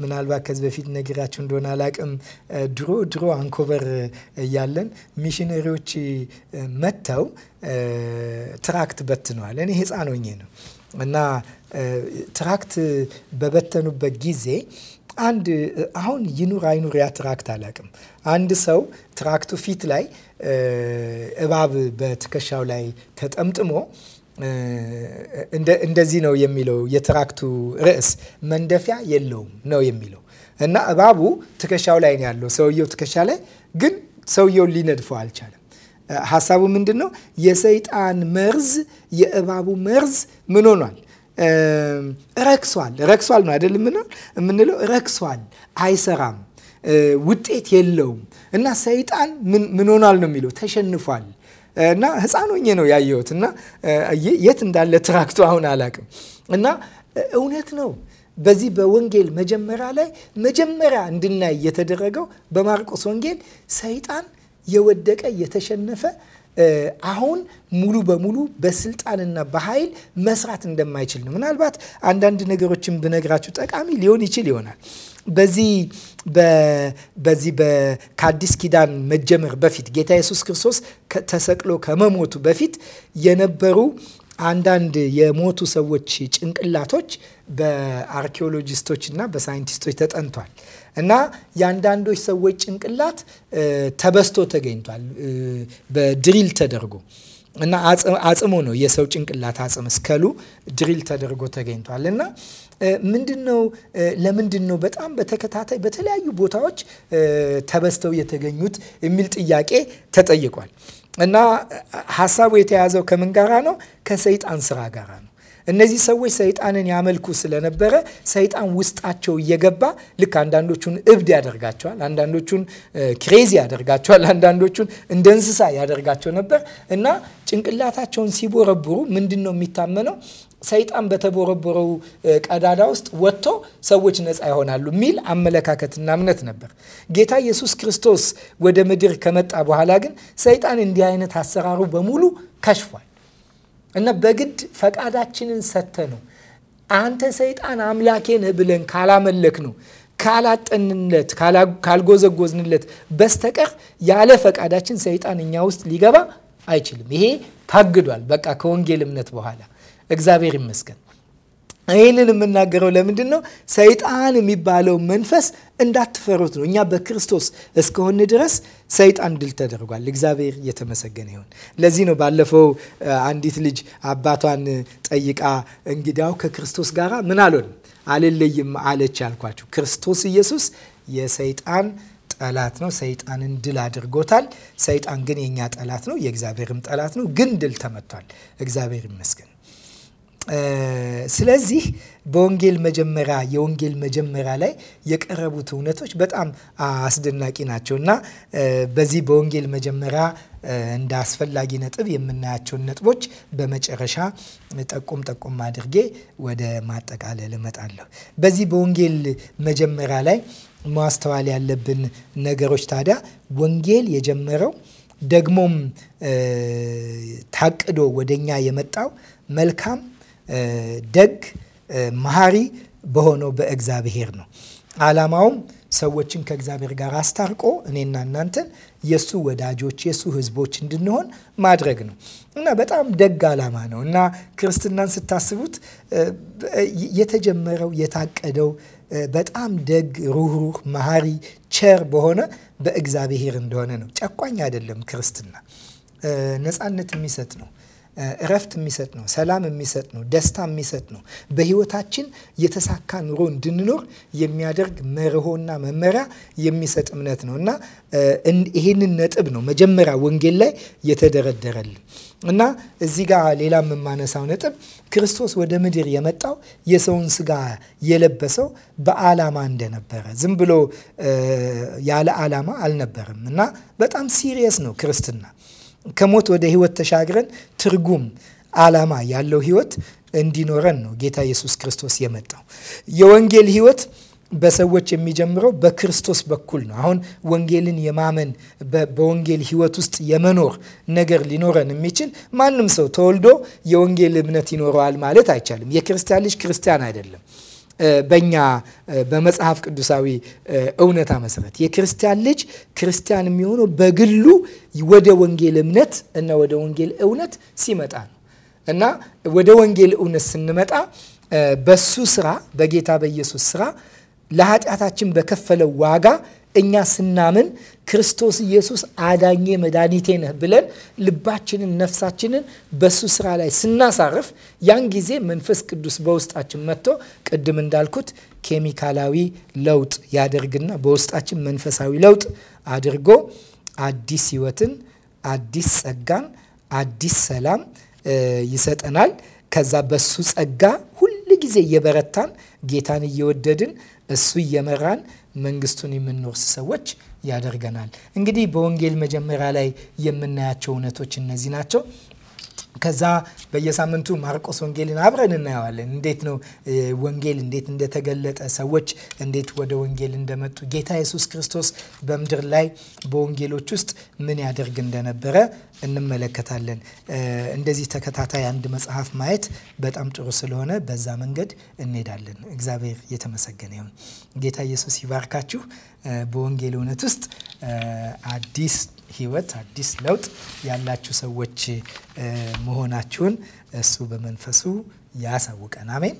ምናልባት ከዚህ በፊት ነግራችሁ እንደሆነ አላቅም። ድሮ ድሮ አንኮበር እያለን ሚሽነሪዎች መጥተው ትራክት በትነዋል። እኔ ሕፃን ሆኜ ነው እና ትራክት በበተኑበት ጊዜ አንድ አሁን ይኑር አይኑር ያ ትራክት አላቅም። አንድ ሰው ትራክቱ ፊት ላይ እባብ በትከሻው ላይ ተጠምጥሞ እንደዚህ ነው የሚለው የትራክቱ ርዕስ መንደፊያ የለውም ነው የሚለው እና እባቡ ትከሻው ላይ ነው ያለው ሰውየው ትከሻ ላይ ግን ሰውየውን ሊነድፈው አልቻለም። ሀሳቡ ምንድን ነው? የሰይጣን መርዝ የእባቡ መርዝ ምን ሆኗል? ረክሷል። ረክሷል ነው አይደል የምንለው? ረክሷል፣ አይሰራም፣ ውጤት የለውም እና ሰይጣን ምን ሆኗል ነው የሚለው ተሸንፏል እና ህፃን ነው ያየሁት እና የት እንዳለ ትራክቱ አሁን አላቅም እና እውነት ነው። በዚህ በወንጌል መጀመሪያ ላይ መጀመሪያ እንድናይ የተደረገው በማርቆስ ወንጌል ሰይጣን የወደቀ የተሸነፈ አሁን ሙሉ በሙሉ በስልጣንና በኃይል መስራት እንደማይችል ነው። ምናልባት አንዳንድ ነገሮችን ብነግራችሁ ጠቃሚ ሊሆን ይችል ይሆናል በዚህ በዚህ ከአዲስ ኪዳን መጀመር በፊት ጌታ ኢየሱስ ክርስቶስ ተሰቅሎ ከመሞቱ በፊት የነበሩ አንዳንድ የሞቱ ሰዎች ጭንቅላቶች በአርኪኦሎጂስቶች እና በሳይንቲስቶች ተጠንቷል እና የአንዳንዶች ሰዎች ጭንቅላት ተበስቶ ተገኝቷል በድሪል ተደርጎ እና አጽሙ ነው የሰው ጭንቅላት አጽም እስከሉ ድሪል ተደርጎ ተገኝቷል እና ምንድን ነው ለምንድን ነው በጣም በተከታታይ በተለያዩ ቦታዎች ተበስተው የተገኙት የሚል ጥያቄ ተጠይቋል። እና ሀሳቡ የተያዘው ከምን ጋራ ነው? ከሰይጣን ስራ ጋራ ነው። እነዚህ ሰዎች ሰይጣንን ያመልኩ ስለነበረ ሰይጣን ውስጣቸው እየገባ ልክ አንዳንዶቹን እብድ ያደርጋቸዋል፣ አንዳንዶቹን ክሬዚ ያደርጋቸዋል፣ አንዳንዶቹን እንደ እንስሳ ያደርጋቸው ነበር እና ጭንቅላታቸውን ሲቦረብሩ ምንድን ነው የሚታመነው ሰይጣን በተቦረቦረው ቀዳዳ ውስጥ ወጥቶ ሰዎች ነፃ ይሆናሉ የሚል አመለካከትና እምነት ነበር። ጌታ ኢየሱስ ክርስቶስ ወደ ምድር ከመጣ በኋላ ግን ሰይጣን እንዲህ አይነት አሰራሩ በሙሉ ከሽፏል እና በግድ ፈቃዳችንን ሰጥተ ነው አንተ ሰይጣን አምላኬ ነህ ብለን ካላመለክ ነው ካላጠንለት ካልጎዘጎዝንለት በስተቀር ያለ ፈቃዳችን ሰይጣን እኛ ውስጥ ሊገባ አይችልም። ይሄ ታግዷል። በቃ ከወንጌል እምነት በኋላ እግዚአብሔር ይመስገን። ይህንን የምናገረው ለምንድን ነው? ሰይጣን የሚባለው መንፈስ እንዳትፈሩት ነው። እኛ በክርስቶስ እስከሆን ድረስ ሰይጣን ድል ተደርጓል። እግዚአብሔር እየተመሰገነ ይሁን። ለዚህ ነው ባለፈው አንዲት ልጅ አባቷን ጠይቃ እንግዳው ከክርስቶስ ጋር ምን አልሆንም አልለይም አለች ያልኳችሁ። ክርስቶስ ኢየሱስ የሰይጣን ጠላት ነው። ሰይጣንን ድል አድርጎታል። ሰይጣን ግን የእኛ ጠላት ነው፣ የእግዚአብሔርም ጠላት ነው። ግን ድል ተመቷል። እግዚአብሔር ይመስገን። ስለዚህ በወንጌል መጀመሪያ የወንጌል መጀመሪያ ላይ የቀረቡት እውነቶች በጣም አስደናቂ ናቸው እና በዚህ በወንጌል መጀመሪያ እንደ አስፈላጊ ነጥብ የምናያቸውን ነጥቦች በመጨረሻ ጠቁም ጠቁም አድርጌ ወደ ማጠቃለል እመጣለሁ። በዚህ በወንጌል መጀመሪያ ላይ ማስተዋል ያለብን ነገሮች ታዲያ ወንጌል የጀመረው ደግሞም ታቅዶ ወደኛ የመጣው መልካም ደግ መሐሪ በሆነው በእግዚአብሔር ነው። ዓላማውም ሰዎችን ከእግዚአብሔር ጋር አስታርቆ እኔና እናንተን የእሱ ወዳጆች የእሱ ሕዝቦች እንድንሆን ማድረግ ነው እና በጣም ደግ ዓላማ ነው እና ክርስትናን ስታስቡት የተጀመረው የታቀደው በጣም ደግ፣ ሩህሩህ፣ መሐሪ፣ ቸር በሆነ በእግዚአብሔር እንደሆነ ነው። ጨቋኝ አይደለም። ክርስትና ነፃነት የሚሰጥ ነው። እረፍት የሚሰጥ ነው። ሰላም የሚሰጥ ነው። ደስታ የሚሰጥ ነው። በህይወታችን የተሳካ ኑሮ እንድንኖር የሚያደርግ መርሆና መመሪያ የሚሰጥ እምነት ነው እና ይህንን ነጥብ ነው መጀመሪያ ወንጌል ላይ የተደረደረልን እና እዚህ ጋር ሌላ የማነሳው ነጥብ ክርስቶስ ወደ ምድር የመጣው የሰውን ስጋ የለበሰው በዓላማ እንደነበረ ዝም ብሎ ያለ ዓላማ አልነበረም እና በጣም ሲሪየስ ነው ክርስትና ከሞት ወደ ህይወት ተሻግረን ትርጉም ዓላማ ያለው ህይወት እንዲኖረን ነው ጌታ ኢየሱስ ክርስቶስ የመጣው። የወንጌል ህይወት በሰዎች የሚጀምረው በክርስቶስ በኩል ነው። አሁን ወንጌልን የማመን በወንጌል ህይወት ውስጥ የመኖር ነገር ሊኖረን የሚችል ማንም ሰው ተወልዶ የወንጌል እምነት ይኖረዋል ማለት አይቻልም። የክርስቲያን ልጅ ክርስቲያን አይደለም። በእኛ በመጽሐፍ ቅዱሳዊ እውነታ መሰረት የክርስቲያን ልጅ ክርስቲያን የሚሆነው በግሉ ወደ ወንጌል እምነት እና ወደ ወንጌል እውነት ሲመጣ ነው እና ወደ ወንጌል እውነት ስንመጣ በሱ ስራ በጌታ በኢየሱስ ስራ ለኃጢአታችን በከፈለው ዋጋ እኛ ስናምን ክርስቶስ ኢየሱስ አዳኜ መድኃኒቴ ነህ ብለን ልባችንን ነፍሳችንን በሱ ስራ ላይ ስናሳርፍ ያን ጊዜ መንፈስ ቅዱስ በውስጣችን መጥቶ ቅድም እንዳልኩት ኬሚካላዊ ለውጥ ያደርግና በውስጣችን መንፈሳዊ ለውጥ አድርጎ አዲስ ህይወትን አዲስ ጸጋን፣ አዲስ ሰላም ይሰጠናል። ከዛ በሱ ጸጋ ሁል ጊዜ እየበረታን ጌታን እየወደድን እሱ እየመራን መንግስቱን የምንወርስ ሰዎች ያደርገናል። እንግዲህ በወንጌል መጀመሪያ ላይ የምናያቸው እውነቶች እነዚህ ናቸው። ከዛ በየሳምንቱ ማርቆስ ወንጌልን አብረን እናየዋለን። እንዴት ነው ወንጌል እንዴት እንደተገለጠ፣ ሰዎች እንዴት ወደ ወንጌል እንደመጡ፣ ጌታ ኢየሱስ ክርስቶስ በምድር ላይ በወንጌሎች ውስጥ ምን ያደርግ እንደነበረ እንመለከታለን። እንደዚህ ተከታታይ አንድ መጽሐፍ ማየት በጣም ጥሩ ስለሆነ በዛ መንገድ እንሄዳለን። እግዚአብሔር የተመሰገነ ይሁን። ጌታ ኢየሱስ ይባርካችሁ። በወንጌል እውነት ውስጥ አዲስ ህይወት አዲስ ለውጥ ያላችሁ ሰዎች መሆናችሁን እሱ በመንፈሱ ያሳውቀን። አሜን።